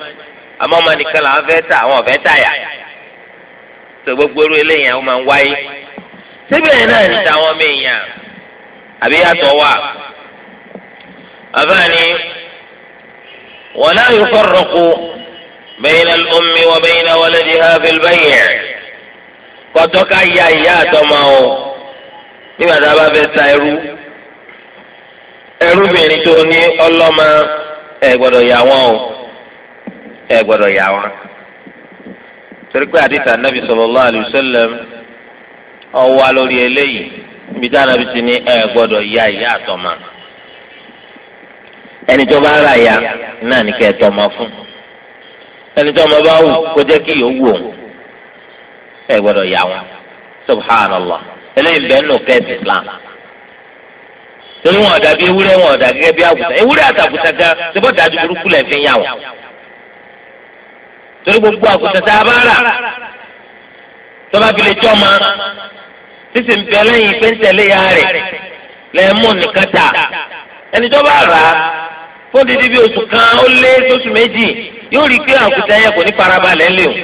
àmọ́ ọmọ nìkan làwọn fẹ́ tà àwọn ọ̀fẹ́ tàyà tó gbogbo orí eléyìí àwọn máa ń wáyé síbẹ̀ náà ní táwọn ọmọ èèyàn àbí yàtọ̀ wà àbáni wọn náà yóò fọ́rọ̀kù bẹ́yìn ọmọ wọn bẹ́yìn wọlédì hàbẹ́l bẹ́yìn kọ́tọ́ ká ya ìyá àtọmọ o nígbà tá a bá fẹ́ ta ẹrú ẹrúbìnrin tó ní ọlọ́mọ ẹ̀ gbọ́dọ̀ yà wọ́n o. ẹ gbọdọ yà wọn torí pé àdìsá nàbì sallallahu ọwụwa lori eleyi, eléyìí ibi ya ìyá àtọmọ ẹni tó ya náà ní kẹ ẹ tọmọ fún ẹni tó ọmọ bá wù kó kí yòówù òun ẹ ya wọn subhanallah eléyìí bẹ́ẹ̀ nù kẹ́ẹ̀sì islam torí wọn ọ̀dà bí ewúrẹ́ wọn ọ̀dà gẹ́gẹ́ bí àgùtà ewúrẹ́ àtàgùtà gan ṣe bọ́ torí gbogbo àgùntàn tá a bá rà tọ́ba fi lè jọ́ ma sísè ń bẹ lẹ́yìn pé ń tẹ̀lé ya rẹ̀ lẹ́mú nìkan tà ẹni tó bá rà á fún dídí bí oṣù kan ó lé oṣù méjì yóò rí i pé àgùntàn yẹn kò ní farabalẹ̀ ńlẹ̀ o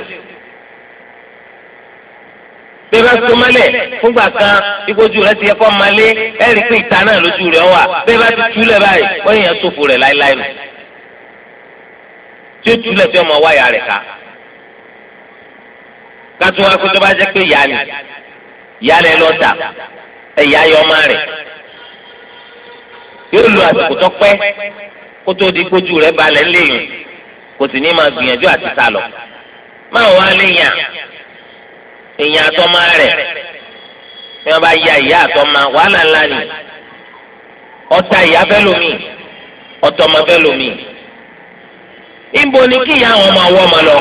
bí bá tó mọ́lẹ̀ fúngbà kan ìgbójú rẹ ti yẹ kọ́ malé ẹ̀rí pé ìta náà lójú rẹ wà bí bá ti túlẹ̀ báyìí wọ́n yẹn sófo rẹ̀ láéláé nù tí ó túlẹ̀ tí ọmọ wáyà rẹ̀ ká kátó wá kó tó bá jẹ́ pé ìyá ni ìyá rẹ̀ lọ dà ẹ̀yà ayọ̀ ọmọ rẹ̀ yóò lo àsìkò tó pẹ́ kó tó di kójú rẹ̀ balẹ̀ ńlẹ́yìn kò sì ní máa gbìyànjú àti sá lọ máa wá léyìn èyàn àtọ́mọ rẹ̀ bí wọ́n bá ya ìyá àtọ́mọ wàhálà ńlá ni ọ̀tá ìyá fẹ́ lomi ọ̀tọ́mọ fẹ́ lomi níbo ni kí ìyá àwọn ọmọ àwọn ọmọ lọ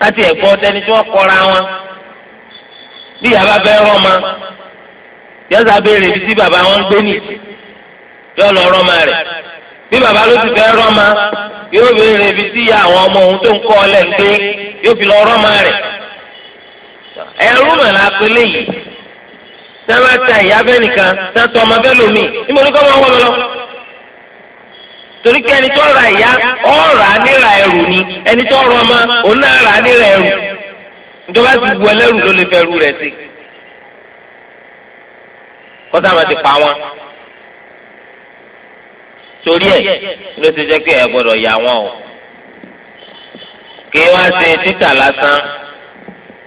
láti ẹ̀gbọ́n tẹni tí wọ́n kọra wọn bí ìyá bá fẹ́ rọ́ọ̀mà yọ́sà béèrè ibi tí bàbá wọn gbé nì yọ́ lọ rọ́ọ̀mà rẹ̀ bí bàbá ló ti fẹ́ rọ́ọ̀mà yóò béèrè ibi tí ìyá àwọn ọmọ òun tó ń kọ́ ọ lẹ̀ ń yóò fi lọ rọ́ọ̀mà rẹ̀ ẹ̀rú mọ̀ la pé léyìí ta ìyá bẹ́ẹ̀ nìkan sátọ́ ọmọ bẹ́ẹ̀ lómi níbo torí kí ẹni tó ra ìyá ọ̀ rà á níra ẹrù ni ẹni tó rọ ọmọ òun náà rà á níra ẹrù ìjọba ti bu ẹlẹ́rù ló lè fẹ́ rú rẹ̀ sí kọ́tà máa ti pa wọn torí ẹ̀ ló ti jẹ́ pé ẹ gbọ́dọ̀ yà wọn o kí wá ṣe títà lásán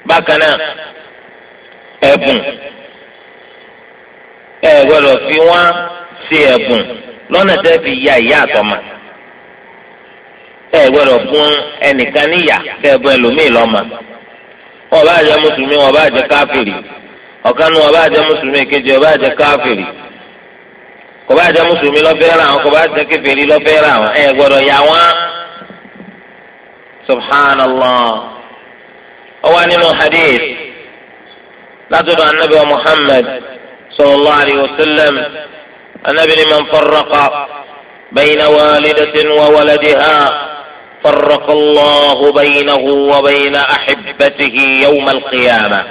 bákan náà ẹ̀bùn ẹ gbọ́dọ̀ fi wọ́n ṣe ẹ̀bùn. lọ́nà tẹ́ fi ya ìyá àtọ́mà ẹ gbọ́dọ̀ fún ẹnìkan níyà kẹ́ ẹ bọ́ ẹlòmíì lọ́mà wọ́n bá jẹ́ mùsùlùmí wọ́n bá jẹ́ káfìrì ọ̀kan wọ́n bá jẹ́ mùsùlùmí kejì wọ́n bá jẹ́ káfìrì kò bá jẹ́ mùsùlùmí lọ́fẹ́ rà kò bá jẹ́ kèfèrí lọ́fẹ́ rà ẹ gbọ́dọ̀ yà wọ́n subhanallah nínú hadith látọ̀dọ̀ anabi muhammad sallallahu alayhi wa النبي لمن فرق بين والدة وولدها فرق الله بينه وبين أحبته يوم القيامة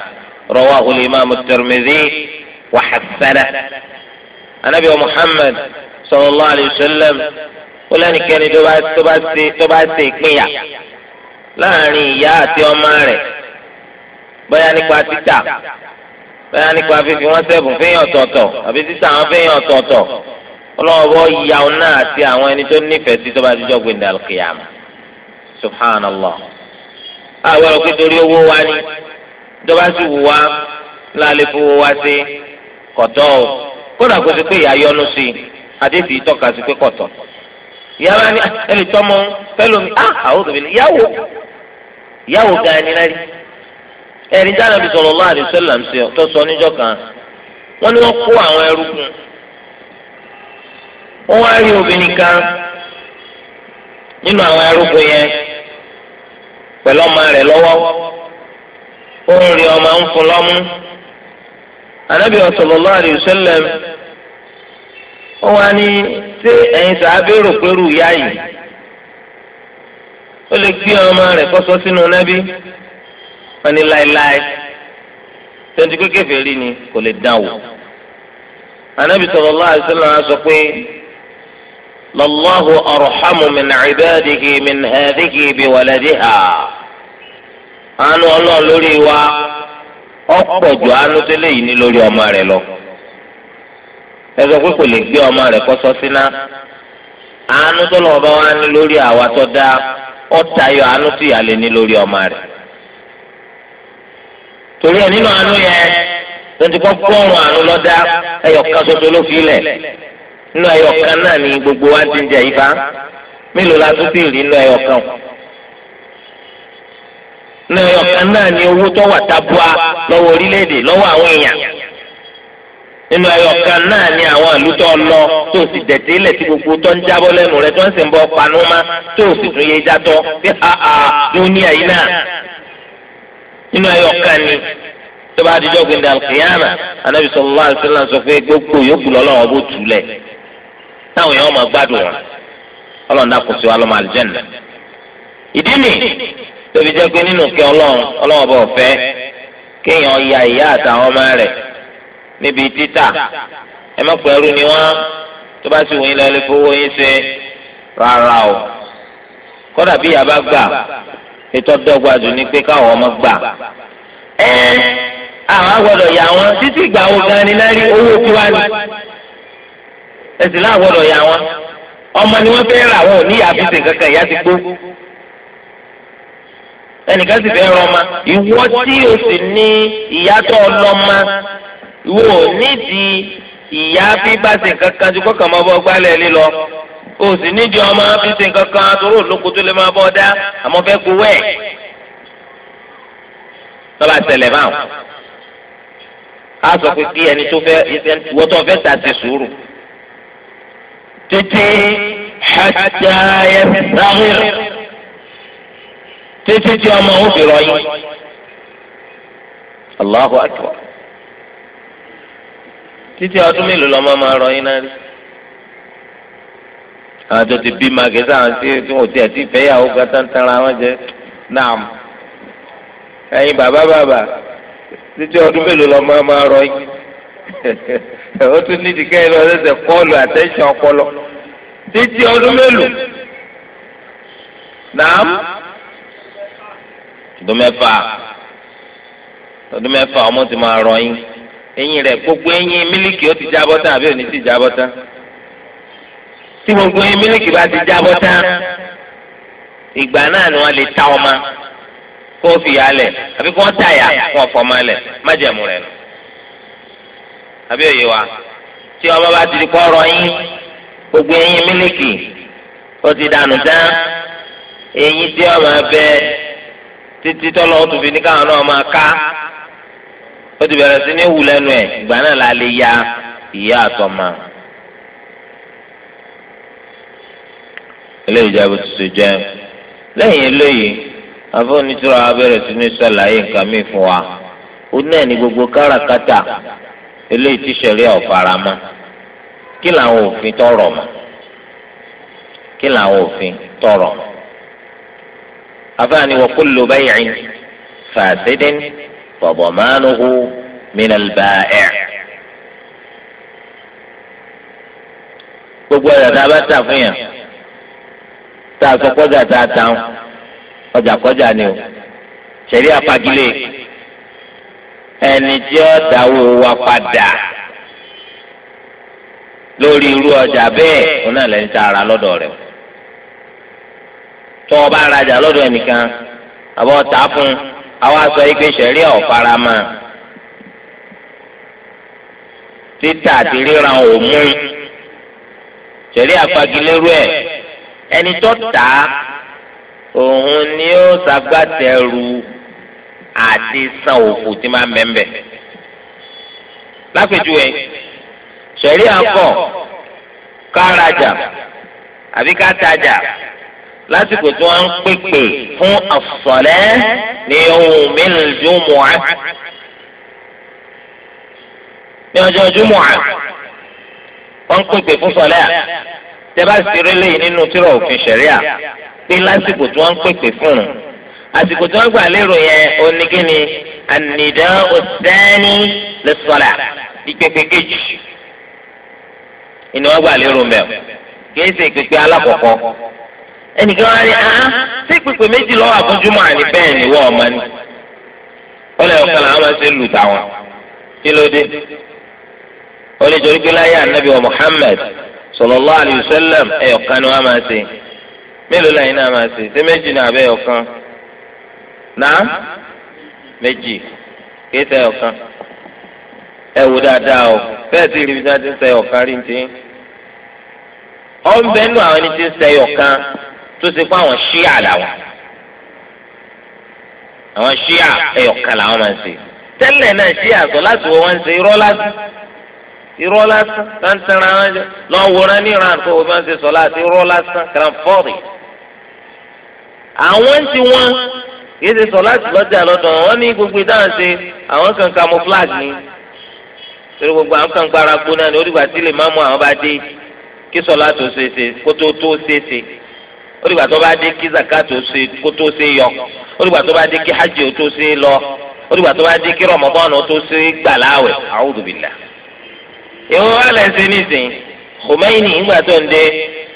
رواه الإمام الترمذي وحسنه النبي محمد صلى الله عليه وسلم ولا نكاني تبعتي تبعتي كيا لا يعني يا تيوماري بياني واتتا bẹ́ẹ̀ nípa fífi wọ́n sẹ́bùn fẹ́yìn ọ̀tọ̀ọ̀tọ̀ àbí títà wọn fẹ́yìn ọ̀tọ̀ọ̀tọ̀ ọlọ́wọ́ ya ọ náà àti àwọn ẹni tó nífẹ̀ẹ́ sí tó bá dijọ́ gbé ndàlù kìyàmù subhanallah. àwọn ọ̀rọ̀ kékeré owó wa ni ìjọba sì wù wá lálẹ́ fún owó wa sí kọ̀tọ́ o kódà kó ti pé ìyá yọnu sí i àdéhùn ìtọ́ka sí pé kọ̀tọ̀. ìyá wa ni ẹnì tọ́mọ fẹ́lómi ah àwọn òbí ìyàwó ìyàwó gan-an ni náà ẹ̀rí tí Ànábì sallallahu alaihi wasallam tó sọ níjọ́ kan wọ́n ní wọ́n kó àwọn ẹrú kun wọ́n wá rí obìnrin kan nínú àwọn ẹrú yẹn pẹ̀lú ọmọ rẹ̀ lọ́wọ́ ó ń rí ọmọ ń fún lọ́mú Ànábì ó wá ní ṣé ẹ̀yin ìyá yìí ó wọ́n ní láéláé tonti kékeré fèrè ni kò lè dán wò anabi sọ pé lọlọ́hu arhamu min ibadihi min hadihi bi waladiha àánú ọlọ́run lórí wa ọ̀pọ̀ jù àánú tó léyìí ní lórí ọmọ lọ ẹ sọ pé kò lè gbé ọmọ rẹ̀ kọ́ sọ síná àánú tó torí ẹ nínú àánú yẹn lọ́dún kan gbọ́rùn àánú lọ́dá ẹyọ̀kan ṣoṣo ló fi lẹ̀ nínú ẹyọ̀kan náà ni gbogbo wa ti ń jẹ ifá mélòó la tún sì rí nínú ẹyọ̀kan nínú ẹyọ̀kan náà ni owó tó wà tabua lọ́wọ́ orílẹ̀-èdè lọ́wọ́ àwọn èèyàn nínú ẹyọ̀kan náà ni àwọn ìlú tó lọ tó sì dẹ̀tí ilẹ̀ tí gbogbo tó ń jábọ́ lẹ́nu rẹ̀ tó ń sì ń bọ́ panú má tó sì tún yé játọ́ bí a a ló ní ẹ̀yìn náà nínú ẹyọ kan ni tó bá dijọ́ gbẹ̀ndẹ̀ alùkìyàmà anábì sallallahu alaihi wasallam sọ pé gbogbo yòókù lọ́lọ́wọ́ bó tù lẹ̀ táwọn èèyàn máa gbádùn wọn ọlọ́run dàkú sí wa lọ́mọ àlùjẹ́nà ìdí mi tóbi jẹ́ pé nínú kí ọlọ́run ọlọ́run bọ̀ fẹ́ kéèyàn ya ìyá àtàwọn ọmọ rẹ̀ níbi títà ẹ má pẹ̀lú ni wọ́n tó bá sì wọ́n ilẹ̀ ẹlẹ́fowó yín ṣe rárá o kódà bí ìyá bá gbà ètò ọdọgba jù ní pé káwọn ọmọ gbà ẹ àwọn agbọ́dọ̀ yà wọn títí ìgbà wo gan ni lẹ́rí owó tiwa ni ẹsìn náà agbọ́dọ̀ yà wọn ọmọ ni wọ́n fẹ́ẹ́ rà wọn ò ní ìyá àfihàn kankan ìyá ti gbó ẹnìkan sì fẹ́ẹ́ rọmọ ìwọ tí o sì ní ìyàtọ̀ ọlọ́mọ ìwọ ò nídìí ìyá bí bá kankan ju kọ́kàn bọ́ gbálẹ̀ lílọ o sì nídìí ọmọ fi ṣe nǹkan kan torí olóko tó lè máa bọ́ dá àmọ́ fẹ́ gbowó ẹ̀ lọ́ba ṣẹlẹ̀ báwọn a sọ pé kí ẹni tó fẹ́ wọ́n tó fẹ́ ta ti sùúrù tètè hàtà ẹ̀ sáwìrì tètè tí ọmọ òun fi rọ yín Allahu títí ọdún mélòó lọ́mọ máa rọ náà rí àwọn tó ti bímọ àgẹ́sà àwọn tí wọ́n ti àti ìfẹ́yàwó gàtà ń tanra wọn jẹ náà ẹ̀yin bàbá bàbá títí ọdún mélòó lọ́mọ ẹ máa rọ yìí (laughs) ó tún ní ìdíkẹ́ yìí lọ ṣẹ̀ṣẹ̀ kọ́ọ̀lù àtẹ́sán ọpọlọ títí ọdún mélòó náà ọdún mẹ́fà ọdún mẹ́fà ọmọ ti máa rọ yín eyín rẹ̀ gbogbo eyín mílíkì ó ti jábọ́ tán àbí òní ti jábọ́ tán tí gbogbo yín mílíkì bá ti jábọ́ tán ìgbà náà ni wọ́n lè ta ọmọ kó fi yà lẹ̀ àbí kó wọ́n tàyà kó wọ́n fọmọ lẹ̀ má jẹ̀mú rẹ̀ nù. àbí òye wa tí ọmọ bá ti di kọ́ yín gbogbo eyín mílíkì ó ti dànù tán eyín tí ọmọ bẹ títí tọ́lọ́ ó fi ní káwọn náà máa ká ó ti bẹ̀rẹ̀ sí ní wù lẹ́nu ẹ̀ ìgbà náà la lè ya ìyá àtọ̀mọ́. eléyìí jábọ̀ tó ṣe jẹ́ lẹ́yìn eléyìí afọ́nitura abẹ́rẹ́ sí ní sàlàyé nǹkan mi fún wa ó náà ní gbogbo káràkátà eléyìí tí ṣẹ̀ríà ò faramọ́ kí làwọn òfin tọrọ mọ́ kí làwọn òfin tọrọ mọ́ afáàní wa kullu bay'in fasidin fa damanuhu min al-ba'i'. gbogbo ẹ̀rọ tá a bá tà fún yàn tá a sọ kọjá tá a tàn ọjà kọjá ni o ṣẹlẹ̀ apagilé ẹni tí ó dáwó wa padà lórí irú ọjà bẹ́ẹ̀ òun náà lẹni tá a ra lọ́dọ̀ rẹ̀ tó o bá rajà lọ́dọ̀ ẹnìkan àbọ̀ tá a fún àwa sọ yìí pé ṣẹlẹ̀ ọ̀fara títà àti ríra òun mú apagilé rú ẹ̀ ẹni tó tà á òun ni ó ṣagbátẹrù àti san òfò tí máa ń bẹ̀m̀bẹ̀. lápèjúwe sẹ̀rí àkọ́ kárajà àbí kátajà lásìkò tí wọ́n ń pèpè fún àfọ̀lẹ́ ní ohun mélòó jùmọ̀á ní ọjọ́ jùmọ̀á wọ́n ń pèpè fún sọ̀lẹ́ à tẹ́bá sì rí lẹ́yìn nínú tírà òfin ṣẹ̀ríà pé lásìkò tí wọ́n ń pèpè fún un àsìkò tí wọ́n gbà lérò yẹn oníkíni ànìdá òsẹ́ni lè sọ̀rà ìpèpè kejì ìní wọ́n gbà lérò mẹ́ọ̀ kìí ṣe ìpèpè alákọ̀ọ́kọ́ ẹnìkan wá ní ahán sí ìpèpè méjì lọ́wọ́ àfọ́júmọ́ àní bẹ́ẹ̀ ni wọ́n ọmọ ni ó lè ọ̀kan làwọn máa ṣe lù táwọn kí ló dé ó lè jọ wípé láyé ànábì wa Muhammad sallallahu alayhi wa sallam ẹyọkan ni wọn máa ṣe mélòó lẹ́yìn náà máa ṣe ṣé méjì náà abẹ ẹyọkan náà méjì kìí ṣe ẹyọkan ẹ wò dáadáa o bẹ́ẹ̀ sì rí ibi tí wọn ti ń ṣe ẹyọkan rí ti ọ ń bẹ nù àwọn ẹni tí ń ṣe ẹyọkan tó ṣe fún àwọn ṣíà làwọn àwọn ṣíà ẹyọkan làwọn máa ṣe tẹ́lẹ̀ náà ṣíà sọ láti wọ wọn ṣe irọ́ lásìkò irọ́ lásán tántara wọn jẹ lọ́ọ́ wòran ní ìran àti òbí wọn ṣe sọ láti irọ́ lásán kìrànfọ́ọ̀rì. àwọn tí wọn kì í ṣe sọ láti lọ́jà lọ́dọ̀ wọn ní gbogbo ìdáhùn ṣe àwọn kan camouflage ni torí gbogbo àwọn kan gbára gbóná ni orígbà tí lè má mú àwọn bá dé kí sọ láti ó ṣeéṣe kó tó tó ṣeéṣe orígbà tó bá dé kí zakat ó ṣe kó tó ṣe yọ orígbà tó bá dé kí hajj ó tó ṣe lọ orígbà tó bá dé kí rọmọbọ́ọ̀nù ó tó ṣe gbàláwẹ̀ a'udhu billah. ìwọ wà lẹsẹ nísìnyí Khomeini ìgbà tó ń dé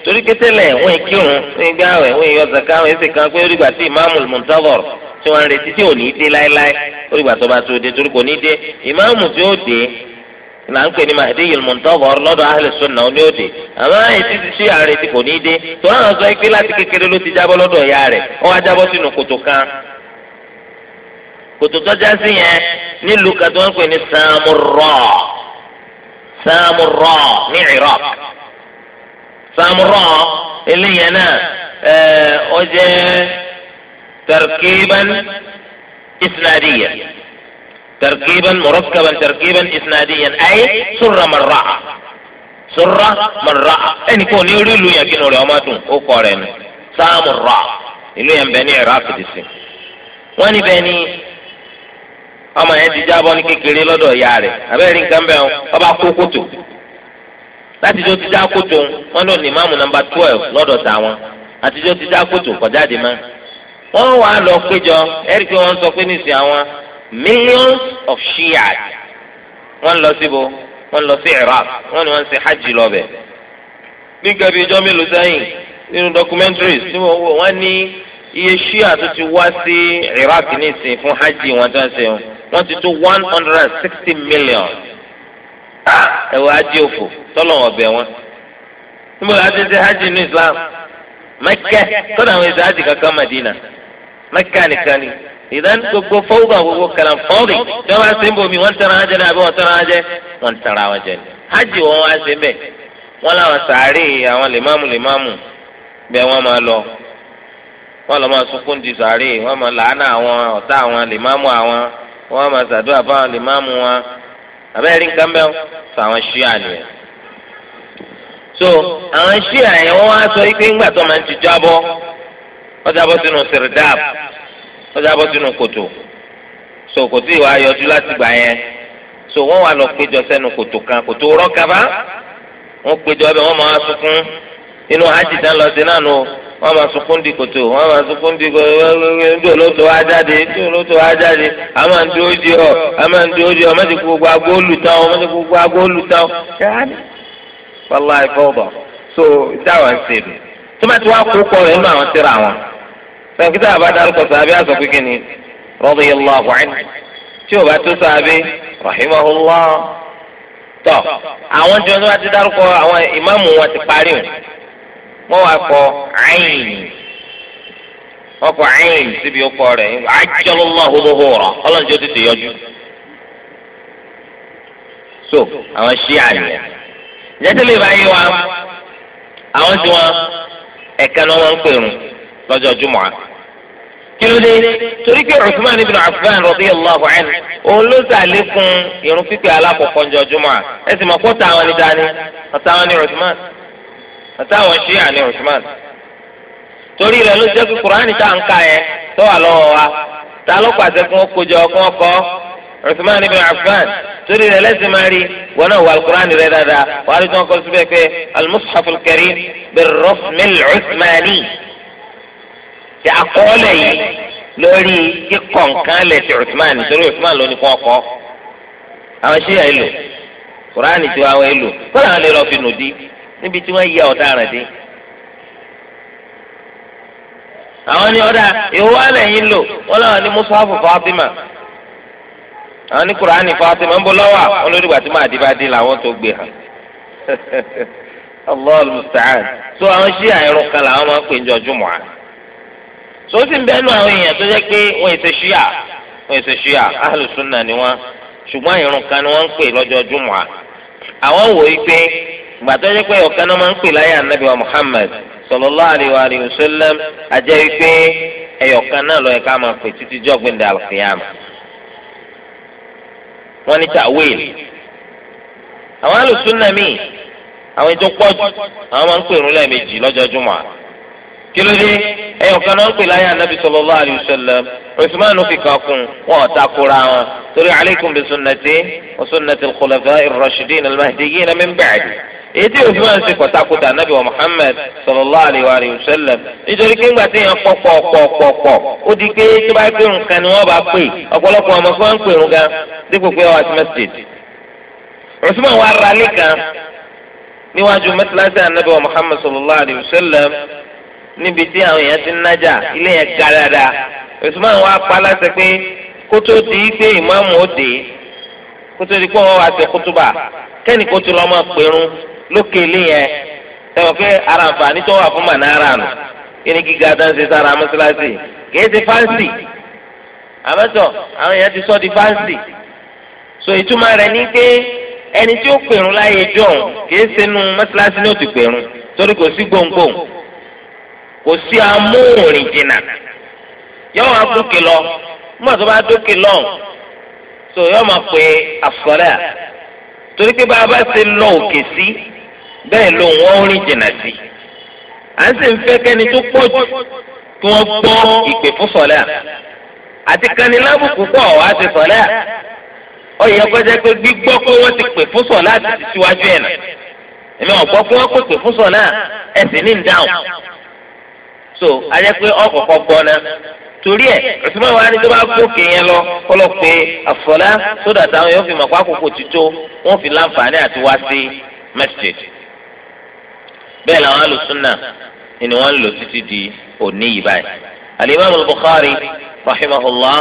torí pétélẹ wọn kírun wọn gbá wẹ wọn yọ zaka wọn ẹsẹ kan pé orígbà tí Imamul Muntazar tí wọn retí tí ò ní dé láéláé orígbà tó bá tó dé torí kò ní dé ìmáàmù tí ó dé là ń pè ní lọ́dọ̀ ní àmọ́ ètí ti ṣí ààrẹ tí kò ní dé tó náà sọ pé láti kékeré ló ti سامراء معراق سامراء اللي انا آه، اوجه تركيبا اسناديا تركيبا مركبا تركيبا اسناديا اي سر من راى سر من راى ان يكون يريد يكن علامات او قرن سامراء اللي هم بني عراق دي وين بني ọmọ yẹn ti jábọ́ ní kékeré lọ́dọ̀ ìyá rẹ̀ abẹ́rẹ́ nǹkan bẹ́ẹ̀ ọba kó kòtò látijọ́ ti já kòtò wọn lọ ní ìmáàmù nàmbà twelve lọ́dọ̀ tàwọn àtijọ́ ti já kòtò kọjáde mọ́ wọ́n wà á lọ péjọ ẹ̀rí pé wọ́n sọ pé nísìnyí àwọn millions of shias wọ́n lọ síbo wọ́n lọ sí Iraq wọ́n ní wọ́n ṣe hajj lọ́bẹ̀ ní gàbí ìjọ mélòó sẹ́yìn nínú documentaries tí wọ́n wò wọ́n ní iye shia tó ti wá sí Iraq nísìnyí fún hajj wọn tó ń ṣe wọ́n ti tó one hundred and sixty million ẹ̀wọ̀ ajé òfò tọ́lọ̀ ọ̀bẹ wọn. níbo la ti ṣe hajj ní Islam mẹ́kẹ́ kọ́dà àwọn ìṣe hajj kankan Madina mẹ́kẹ́ nìkan ni ìdán gbogbo fọwọ́gbà gbogbo kàlà fọ́ọ̀rì tí wọ́n bá ṣe ń bomi wọ́n tẹ̀ra wọn jẹ ní àbí wọ́n tẹ̀ra wọn jẹ wọ́n tẹ̀ra wọn jẹ ní. hajj wọn wá ṣe bẹ́ẹ̀ wọ́n láwọn sàárè àwọn lèmáàmù lèmáàmù bẹ́ẹ̀ wọ́n máa lọ wọ́n lọ́ máa sunkún di sàárè wọ́n máa làánà àwọn ọ̀tá àwọn lèmáàmù àwọn wọ́n á máa ṣàdúrà fáwọn lè má mú wọn àbẹ́rẹ́ nǹkan bẹ́ẹ̀ sọ àwọn ṣíà nìyẹn. so àwọn ṣíà yẹn wọ́n á sọ pé ńgbà tó máa ń ti jábọ́ wọ́n jábọ́ sínú sirdab wọ́n jábọ́ sínú kòtò so kò tí ì wá yọjú láti gbà yẹn so wọ́n wà lọ péjọ sẹ́nu kòtò kan kòtò rọ́kàbá wọ́n péjọ ẹbẹ̀ wọ́n máa sunkún inú hajj dán lọ sí náà nù wọ́n máa sunkún di kòtò wọ́n máa sunkún di kòtò ndó ló tó wá jáde ndó ló tó wá jáde a máa ń dúró di ọ a máa ń dúró di ọ mẹ́tẹ̀kú gbogbo agbóòlù tán ọ mẹ́tẹ̀kú gbogbo agbóòlù tán kíáni wàllá ìfọwọ́bọ̀ so dáwà ń ṣe mi tó bá ti wá kó kọ rẹ̀ nínú àwọn síra wọn sọ̀rọ̀ kí sábà bá sàbí àsọ pé kíni radiyallahu anhu tí ò bá tó sàbí rahimahullah tọ àwọn jọ wọ́n wá kọ ayin wọ́n ayin síbi ọkọ rẹ̀ ajọ́lọ́lọ́ ahóhóhó ọlọ́njọ́ tètè yọjú. so àwọn ṣí àyẹ̀ ìjẹ́tẹ̀lẹ̀ ìbáyé wa àwọn tí wọ́n ẹ̀ka ni wọ́n ń pèrún lọ́jọ́ jùmọ̀ kílódé torí pé ló sàlékún irun alákọ̀ọ́kọ́ jùmọ̀ ẹ̀sìn dání àti àwọn ṣíà ní Usman torí rẹ̀ ló jẹ́ pé kùránì tá à ń kà yẹn tó wà lọ́wọ́ wa ta ló pàṣẹ kí wọ́n kojọ kí wọ́n kọ́ Usman ibn Affan torí rẹ̀ lẹ́sìn máa rí wọn náà wà kùránì rẹ̀ dáadáa wàá rí tí wọ́n kọ́ síbẹ̀ pé al karim bir Usmani ti àkọọ́lẹ̀ yìí lórí kíkọ̀ nǹkan lẹ̀ ti Usman torí Usman ló ní kí wọ́n kọ́ àwọn ṣíà ìlú kùránì tiwa wọ́n ìlú kó làwọn lè lọ fi nù dí níbi tí wọ́n yẹ ọ̀daràn dé àwọn ní ọ̀dà ìwọ àlẹ́yìn lò wọ́n láwọn ní mùsàfù Fatima àwọn ní kùránì Fatima ń bọ́ lọ́wọ́ àwọn lórí ìgbà tí di bá dé làwọn tó gbé hàn (laughs) allah musta'an so àwọn ṣíà irun kan làwọn máa ń pè ń jọ jùmọ̀ à so ó sì ń bẹ́ẹ̀ nù àwọn èèyàn tó jẹ́ pé wọ́n èsè ṣíà wọ́n èsè ṣíà ahlu sunna ni wọ́n ṣùgbọ́n irun kan ni wọ́n ń pè lọ́jọ́ jùmọ̀ à àwọn wòye pé ìgbà tó yẹ pé ọ̀kan náà máa ń pè láyé anabi wa muhammed sallallahu alayhi wa alayhi wa sallam ajẹ́ wípé ẹ̀yọ̀kan náà lọ́yẹ̀ ká máa pè títí jọ́gbìn dà alqiyama. wọ́n ní tàwíl àwọn alùsùnà míì àwọn ètò pọ̀jù àwọn máa ń pè rún lẹ́ẹ̀mejì lọ́jọ́júmọ́ kí ló dé ẹ̀yọ̀kan náà ń pè láyé anabi sallallahu alayhi wa sallam usman fi kan kún wọn ò takora wọn torí alaykum bi sunnati wa sunnati al-khulafa'i ar-rashidin ètí òsì máa ń ṣe kọ̀tàkùtà nàbì wa Muhammad sallallahu alayhi wa sallam nítorí pé ńgbà tí yẹn pọ̀ pọ̀ pọ̀ pọ̀ pọ̀ ó di pé tí bá pé nǹkan ni wọ́n bá pè ọ̀pọ̀lọpọ̀ ọmọ fún wọn ń pè ń dípò pé wọ́n ti mẹ́sìtì. Usman wa ra lé kan níwájú mẹ́tíláṣí ànábì wa Muhammad sallallahu alayhi wa níbi tí àwọn èèyàn ti ń nájà ilé yẹn ga dáadáa Usman wa pẹ̀rún lókè ilé yẹn sẹ́wọ̀n pé ara nfààní tó wà fún mànára nù kí ni gíga dáńsẹ̀ sára mọ́sálásì kìí ṣe fáǹsì àmọ́tọ̀ àwọn èèyàn ti sọ di fáǹsì so ìtumọ̀ rẹ̀ ni pé ẹni tí ó pèrún láyé john kìí ṣe nu mọ́sálásí ni ó ti pèrún torí kò sí gbòǹgbòǹ kò sí amóhùnrin jìnnà yọ wọn gòkè lọ nígbà tó bá dókè lọ so yọ wọn pe àfọlẹ́ torí pé bá a bá ṣe lọ òkè sí bẹ́ẹ̀ ló wọ́n rìn jìnnà sí i à ń sì ń fẹ́ kẹ́ni tó pọ̀ jù kí wọ́n gbọ́ ìpè fún sọ̀lẹ́ à àti kanilábùkù pọ̀ wá ti sọ̀lẹ́ à ó yẹ kó jẹ́ pé gbígbọ́ pé wọ́n ti pè fún sọ̀lẹ́ àti ti síwájú ẹ̀ nà èmi ò gbọ́ pé wọ́n pèpè fún sọ̀lẹ́ à ẹ̀ sì ní ìdáhùn so a yẹ pé ọ̀kọ̀ọ̀kọ̀ gbọ́ náà torí ẹ ọsùnmọ wa ni tó bá gòkè yẹn lọ kọlọ pé àfọlá sódà táwọn yóò fi mọ kó àkókò tító wọn fi láǹfààní àti wá sí mẹsítẹẹdì bẹ́ẹ̀ làwọn alùsùnà ni wọ́n ń lò títí di òní yìí báyìí. alimami bukhari rahimahullah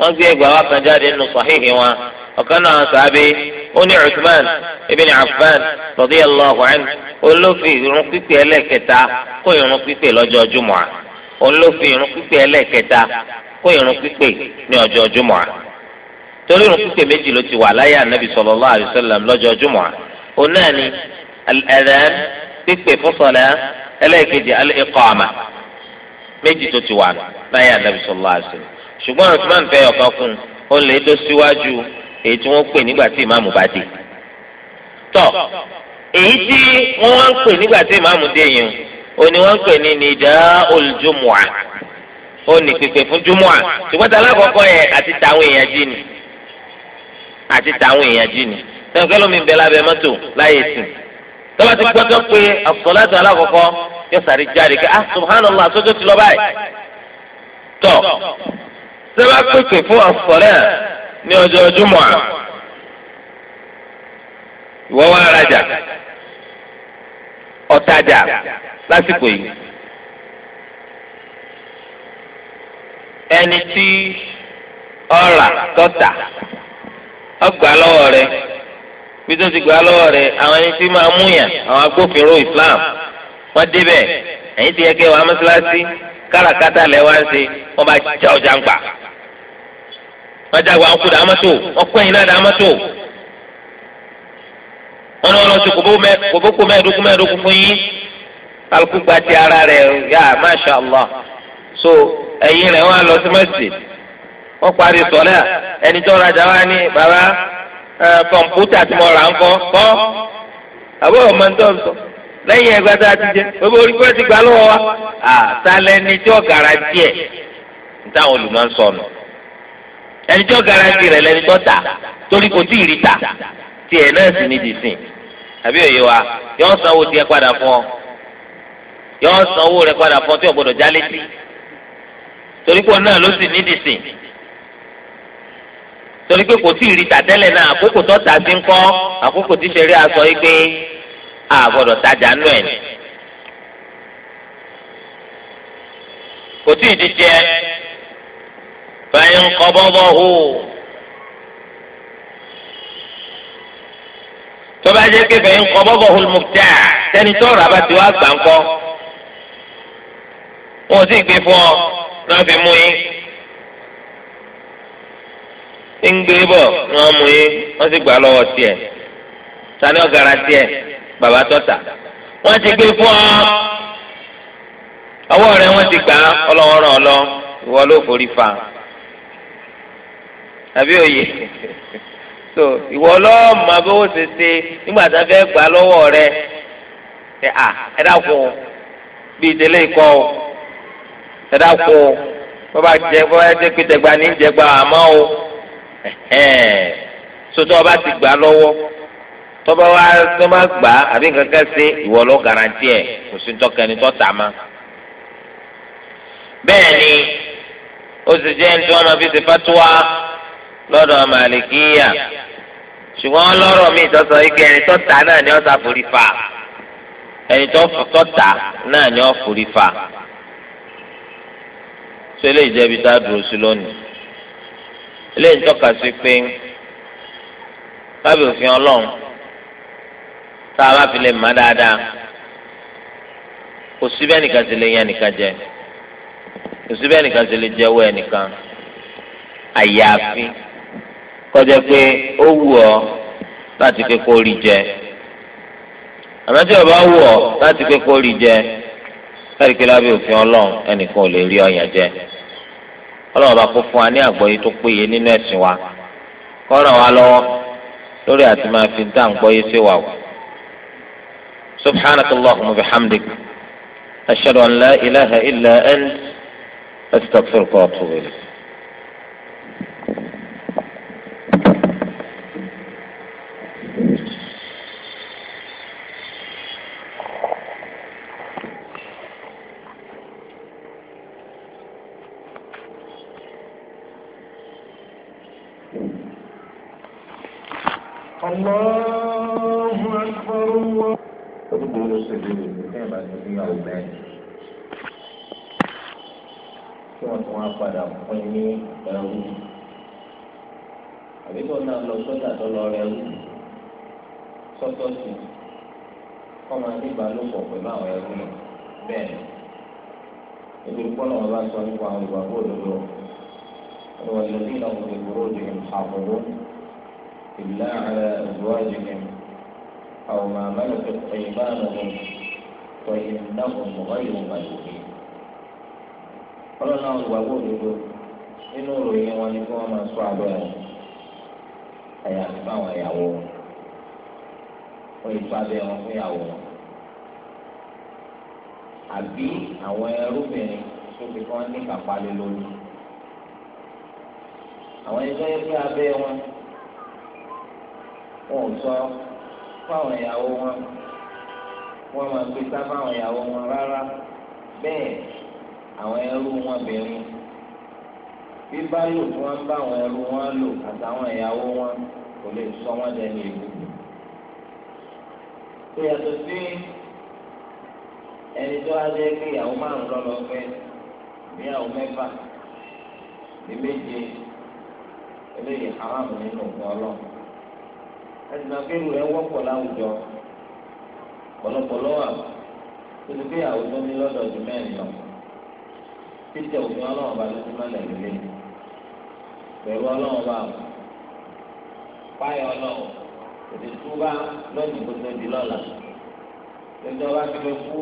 wọ́n gbé ẹgbàá wa kan jáde nínú sahihi wọn ọ̀kan náà sàbẹ̀ ó ní usman ibn affan radiyallahu anhu olófin irun pípé ẹlẹ́kẹta kó irun pípé lọ́jọ́ jùmọ̀ à olófin irun pípé ẹlẹ́kẹta kó irun pípé ní ọjọ́ jùmọ̀ à torí irun pípé méjì ló ti wà láyé ànábì sallallahu alaihi lọ́jọ́ jùmọ̀ à ó ni al pípè fún sọlẹ ẹlẹ́ẹ̀kejì al-iqama méjì tó ti wà láyé ànábì sallallahu alaihi wasallam ṣùgbọ́n Usman fẹ́ ọ̀kan fún un ó lè dó síwájú èyí tí wọ́n pè nígbà tí ìmáàmù bá dé tọ́ èyí tí wọ́n wá ń pè nígbà tí ìmáàmù dé yẹn o ni wọ́n ń pè ní nida'ul jumu'a ó ní pèpè fún jumu'a ṣùgbọ́n tí alákọ̀ọ́kọ́ yẹn àti tàwọn èèyàn jí ni àti tàwọn èèyàn jí ni tẹ́wọ́n kẹ́lómi ń bẹ lábẹ́ mọ́tò láyé sìn tọ́ba ti gbọ́dọ̀ pé àfọ̀láṣọ alákọ̀ọ́kọ́ yóò sàrí jáde kí ah subhanallah àtúntò ti lọ báyìí. tọ́ sẹ́wá pèpè fún àfọ̀lẹ́ ní ọjọ́ à ìwọ́ ọ̀tajà lásìkò yìí. ẹni tí ọ̀rà tọ́ta ọgbà lọ́wọ́ bí tó ti gbà lọ́wọ́ rẹ̀ àwọn ẹni tí máa mú yàn àwọn agbófinró Islam wọ́n débẹ̀ ẹ̀yìn ti yẹ kẹ́ wàá mọ́sálásí káràkátà lẹ́ wá ń ṣe wọ́n bá já ọjà ń gbà wọ́n já wa ọkùnrin náà dá wọ́n ní wọ́n lọ sí kòbókò ti ara rẹ̀ yá masha allah so ẹ̀yìn rẹ̀ wọ́n lọ sí mẹ́sì wọ́n parí sọ́lá ẹni tó kọmputa tí mo rà ń kọ́ kọ. àbọ̀ ọmọ ntọ tọ́sọ lẹ́yìn ẹgbẹ́ tá a ti jẹ gbogbo orí ti gbà lọ́wọ́ wa àtàlẹ́ ni tí ọ̀gàrà díẹ̀ nítawọn olùmọ̀ sọnù ẹni tí rẹ tà torí kò tí ì rí tà náà sì ní àbí òye wa yọ sanwó padà fún ọ yọ sanwó rẹ̀ padà fún ọ tí ò gbọdọ̀ sí torí torí pé kò tí ì rí tàtẹ́lẹ̀ náà àkókò tó ta sí ń kọ́ àkókò tí sẹ́rí àsọ yìí pé a gbọ́dọ̀ tajà nù ẹ̀ ni. kò tí ì jíjẹ fẹ́yìn kọ́bọ́bọ́ hù. tó bá jẹ́ pé fẹ́yìn kọ́bọ́bọ́ hù mùtá sẹ́ni tó rà bá ti wá gbà ń kọ́. wọ́n sì gbé fún ọ náà fi mú yín ń gbé bọ̀ ni wọ́n mú yín wọ́n sì gbà lọ́wọ́ tiẹ̀ sani ọ̀gára tiẹ̀ bàbá tọ́ta wọ́n ti gbé fún ọ ọwọ́ rẹ̀ wọ́n ti gbà ọlọ́wọ́ ràn ọ lọ ìwọ ló forí fa àbí òye (laughs) so ìwọ lọ́ọ́ máa bówó ṣe ṣe nígbà tá a fẹ́ gbà lọ́wọ́ rẹ̀ ẹ à ẹ dákun bí ìdílé ikọ́ o ẹ dákun bọ́ bá jẹ bọ́ bá jẹ pé tẹ̀gbà ní jẹgbà àmọ́ o sotọ́ ọba ti gbà lọ́wọ́ tọ́ba wa tọ́ba gbà àbí kankan ṣe ìwọ lọ garanti ẹ̀ kò sí tọkẹni tọ́ ta ma. bẹ́ẹ̀ ni ó sì jẹ́ ní tí wọ́n máa fi ṣe fatuwa lọ́dọ̀ màlìkíyà ṣùgbọ́n lọ́rọ̀ mi ìtọ́sọ ike ẹni tọ́ ta náà ni ọ́ ta forí fa ẹni tọ́ ta náà ni ọ́ fa. ṣé lè jẹ́ ibi tá a dúró sí lónìí? eléyìí tọ́ka sí pé lábẹ́ òfin ọlọ́run tá a bá fi lè má dáadáa kò síbẹ̀ nìkan ti lè yan nìkan jẹ kò síbẹ̀ nìkan ti lè jẹ́wọ́ ẹnìkan àyàfi kọjá pé ó wù ọ́ láti pé kó rí jẹ àmọ́ tí ọba wù ọ́ láti pé kó rí jẹ láti pé lábẹ́ òfin ọlọ́run ẹnìkan ò lè rí ọ̀yàn jẹ ọlọ́wọ́ bá kó fún wa ní àgbọ́yé tó péye nínú ẹ̀sìn wa kó ràn lọ́wọ́ lórí àti máa fi dá àgbọ́yé sí wa o. سبحانك اللهم وبحمدك أشهد أن لا إله إلا أنت أستغفرك وأتوب إليك Allahu akbar wọ́. orúkọ olóṣèlú rẹ̀ ní fẹ́ẹ̀ bá ti níyàwó mẹ́rin. kí wọ́n tún wá padà fún ní ẹrú. àbí tó náà lọ sọ́jà tó lọ rẹ̀ rú sọ́tọ́sì kọ́ máa ní ìbálòpọ̀ pẹ̀lú àwọn ẹrú إلا على أزواجهم أو ما ملكت أيمانهم وإنهم غير ملوكين ọlọ́nà ìgbàgbọ́ òdodo nínú ìròyìn wọn ni kí wọ́n máa sọ abẹ́ wọn àyàfi fáwọn ìyàwó wọn ìfọ abẹ́ wọn fún ìyàwó wọn àbí àwọn ẹrúbìnrin tó fi kọ́ ní kápálẹ́ lórí àwọn ẹgbẹ́ ẹgbẹ́ abẹ́ wọn wọn ò sọ fáwọn ìyàwó wọn wọn máa gbé sá fáwọn ìyàwó wọn rárá bẹ́ẹ̀ àwọn ẹrú wọn bẹ̀rù bíbá lò tí wọ́n bá àwọn ẹrú wọn lò àtàwọn ìyàwó wọn kò lè sọ wọ́n dẹni ìlú. tó yàtọ̀ sí ẹni tó wá jẹ́ pé ìyàwó márùn-ún lọ́lọ́ fẹ́ ìyàwó mẹ́fà ní méje eléyìí haram nínú ọ̀gbọ́n ọlọ́run ẹ̀sìn akéwì rẹ̀ wọ́pọ̀ láwùjọ pọ̀lọpọ̀lọ wà tóbi pé àwùjọ ní lọ́dọ̀ ju mẹ́rin lọ títẹ òfin ọlọ́run bá lójú mọ́lẹ̀ lélẹ̀ pẹ̀lú ọlọ́run bá páyọ̀ ọlọ́run ètò ìtúbá lọ́dún tó tó di lọ́la lọ́jọ́ bá fi lè kú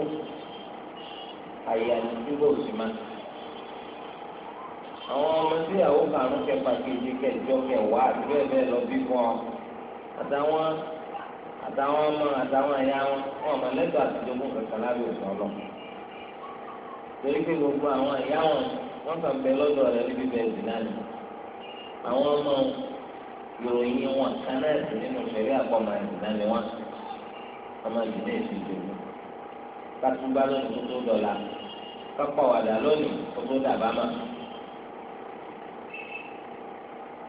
àyè àdúgbò òsì máa àwọn ọmọ tí àwọn karùn-ún kẹfà kejì kẹjọ kẹwàá àti bẹ́ẹ̀ bẹ́ẹ̀ lọ bí fún ọ àtàwọn àtàwọn ọmọ àtàwọn ẹ̀yà wọn wọn ọmọ lẹ́tọ̀ àtijọ́gbọ̀n kankan lábẹ́ òsì ọlọ́ torí pé gbogbo àwọn ẹ̀yà wọn wọn kàn bẹ lọ́dọ̀ rẹ níbi bẹ́ẹ̀ dì náà ni àwọn ọmọ ìròyìn wọn kan náà sì nínú ìṣẹ̀lẹ̀ àpọ̀mọ ẹ̀dì náà ni wọn ọmọ ẹ̀dì náà sì jòló kátúbá lónìí tó tó dọ̀la kápáwàdà lónìí tó tó dàbá má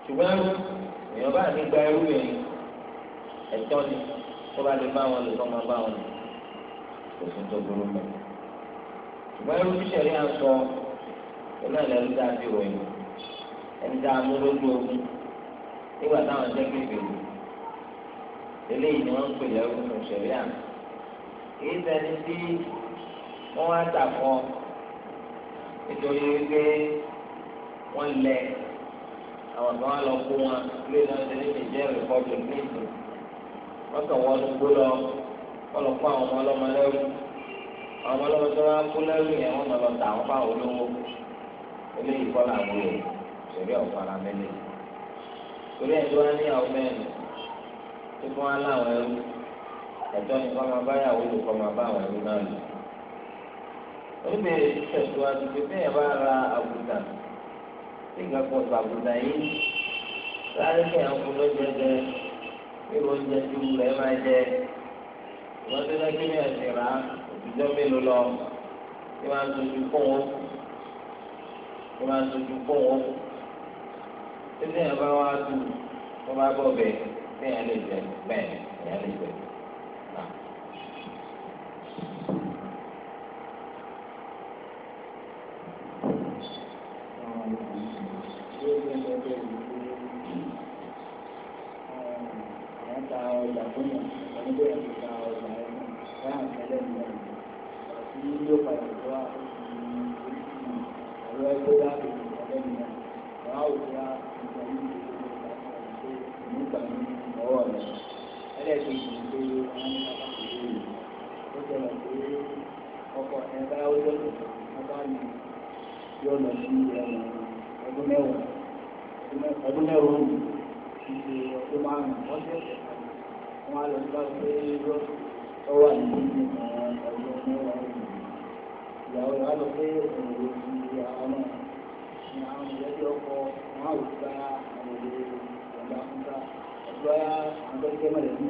ṣùgbọ́n èèyàn bá nígbà irú yẹn ẹ̀tọ́ ni tó bá lè bá wọn lò kọ́ máa bá wọn lò kò sí tó burú mọ́. ṣùgbọ́n irú bí sẹ́rí à ń sọ pẹ̀lú ẹ̀lẹ́rú dáa bí wọ̀nyí ẹni dáa mú lójú ogun nígbà táwọn jẹ́ kékeré eléyìí ni wọ́n ń pè lẹ́rú fún sẹ́rí à èyí sẹ́ni tí wọ́n wá tà fún ọ nítorí pé wọ́n lẹ àwọn kan wá lọ kó wọn lé lọ́sẹ̀ níbi jẹ́ rìpọ́tù níìsín wọ́n kàn wọ́n ló gbó lọ wọ́n lọ kó àwọn ọmọ ọlọ́mọ lẹ́rú àwọn ọmọ ọlọ́mọ tó wá kó lẹ́rú yẹn wọ́n lọ tà wọ́n fáwọn olówó eléyìí kọ́ làwọn yòó sẹ̀rí ọ̀fara mẹ́lẹ̀ torí ẹ̀ tó wá ní àwọn mẹ́rin tó fún wa láwọn ẹrú ẹ̀tọ́ ni kọ́ máa bá yàwó lò kọ́ máa bá àwọn ẹrú náà lò oníbèrè tẹ̀síwájú pé bẹ́ẹ̀ bá ra àgùntàn tí nǹkan kan sọ àgùntàn yìí sáré kí àwọn irú oúnjẹ tí mo lè máa jẹ ìwọ́n tó lọ́jọ́ ní ọ̀sẹ̀ rà òtútọ́ mélòó lọ kí máa sojú fún wọn kí máa sojú fún wọn tí sèyàn bá wá tù wọ́n bá bọ̀ bẹ́ẹ̀ sèyàn lè jẹ bẹ́ẹ̀ sèyàn lè jẹ bẹ́ẹ̀.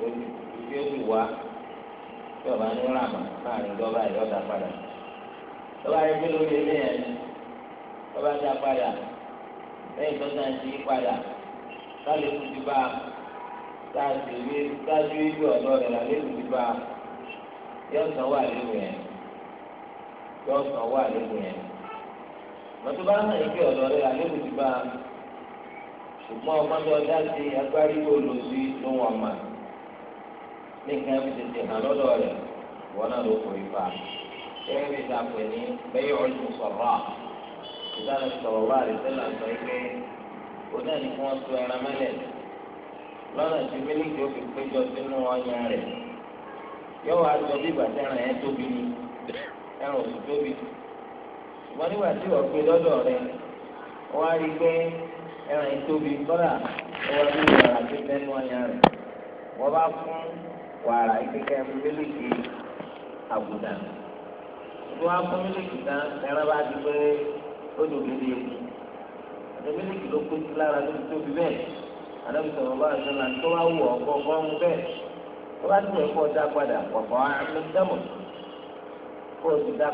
tí ó sì tí ọba ní ràmà láàrin padà ọba yẹn gbé lórí ilé yẹn dọ́ba dá padà lẹ́yìn tó padà sálẹ̀kùn ti bá a sáàsì rí sáájú ọ̀dọ́ rẹ̀ ti bá a yọ̀sán wà lẹ́kùn yẹn yọ̀sán wà lẹ́kùn yẹn mọ̀tò bá ọ̀dọ́ rẹ̀ ti bá a ṣùgbọ́n ọmọdé ọjà ti agbárí lò sí lóhùn tí nǹkan fi tètè hàn lọ́dọ̀ rẹ̀ wọn náà ló kò ìfà ẹ̀rọ bí ta pè ní bẹ́ẹ̀ ọ̀dùn sọ̀rọ̀ ìdáná sọ̀rọ̀ wá àdìsẹ́là sọ pé ó náà ní kí wọ́n tu ẹran mẹ́lẹ̀ lọ́nà tí mílíkì ó fi péjọ sínú ọyàn rẹ̀ yóò wá sọ bí bàtà ẹran yẹn tóbi ni ẹran òsì tóbi ṣùgbọ́n nígbà tí wọ́n pe lọ́dọ̀ rẹ̀ wọ́n á rí pé ẹran yẹn tóbi kọ́là ó wá bí ìgbàlá tó fẹ́ nú ọyàn rẹ̀ wọ́n bá fún wàrà ìkékè miliki àbùdá tí wọn fún miliki tán ẹran bá ti pé ó dùn mí lé àti ló kó sí lára tó tóbi bẹ́ẹ̀ àdàbí sọ̀rọ̀ bá àti ọ̀la tó wá wù ọ̀pọ̀ ọ̀pọ̀ọ̀mù tó bá ti ẹ̀kọ́ dá padà pọ̀pọ̀ àmì dámọ̀ kó o ti dá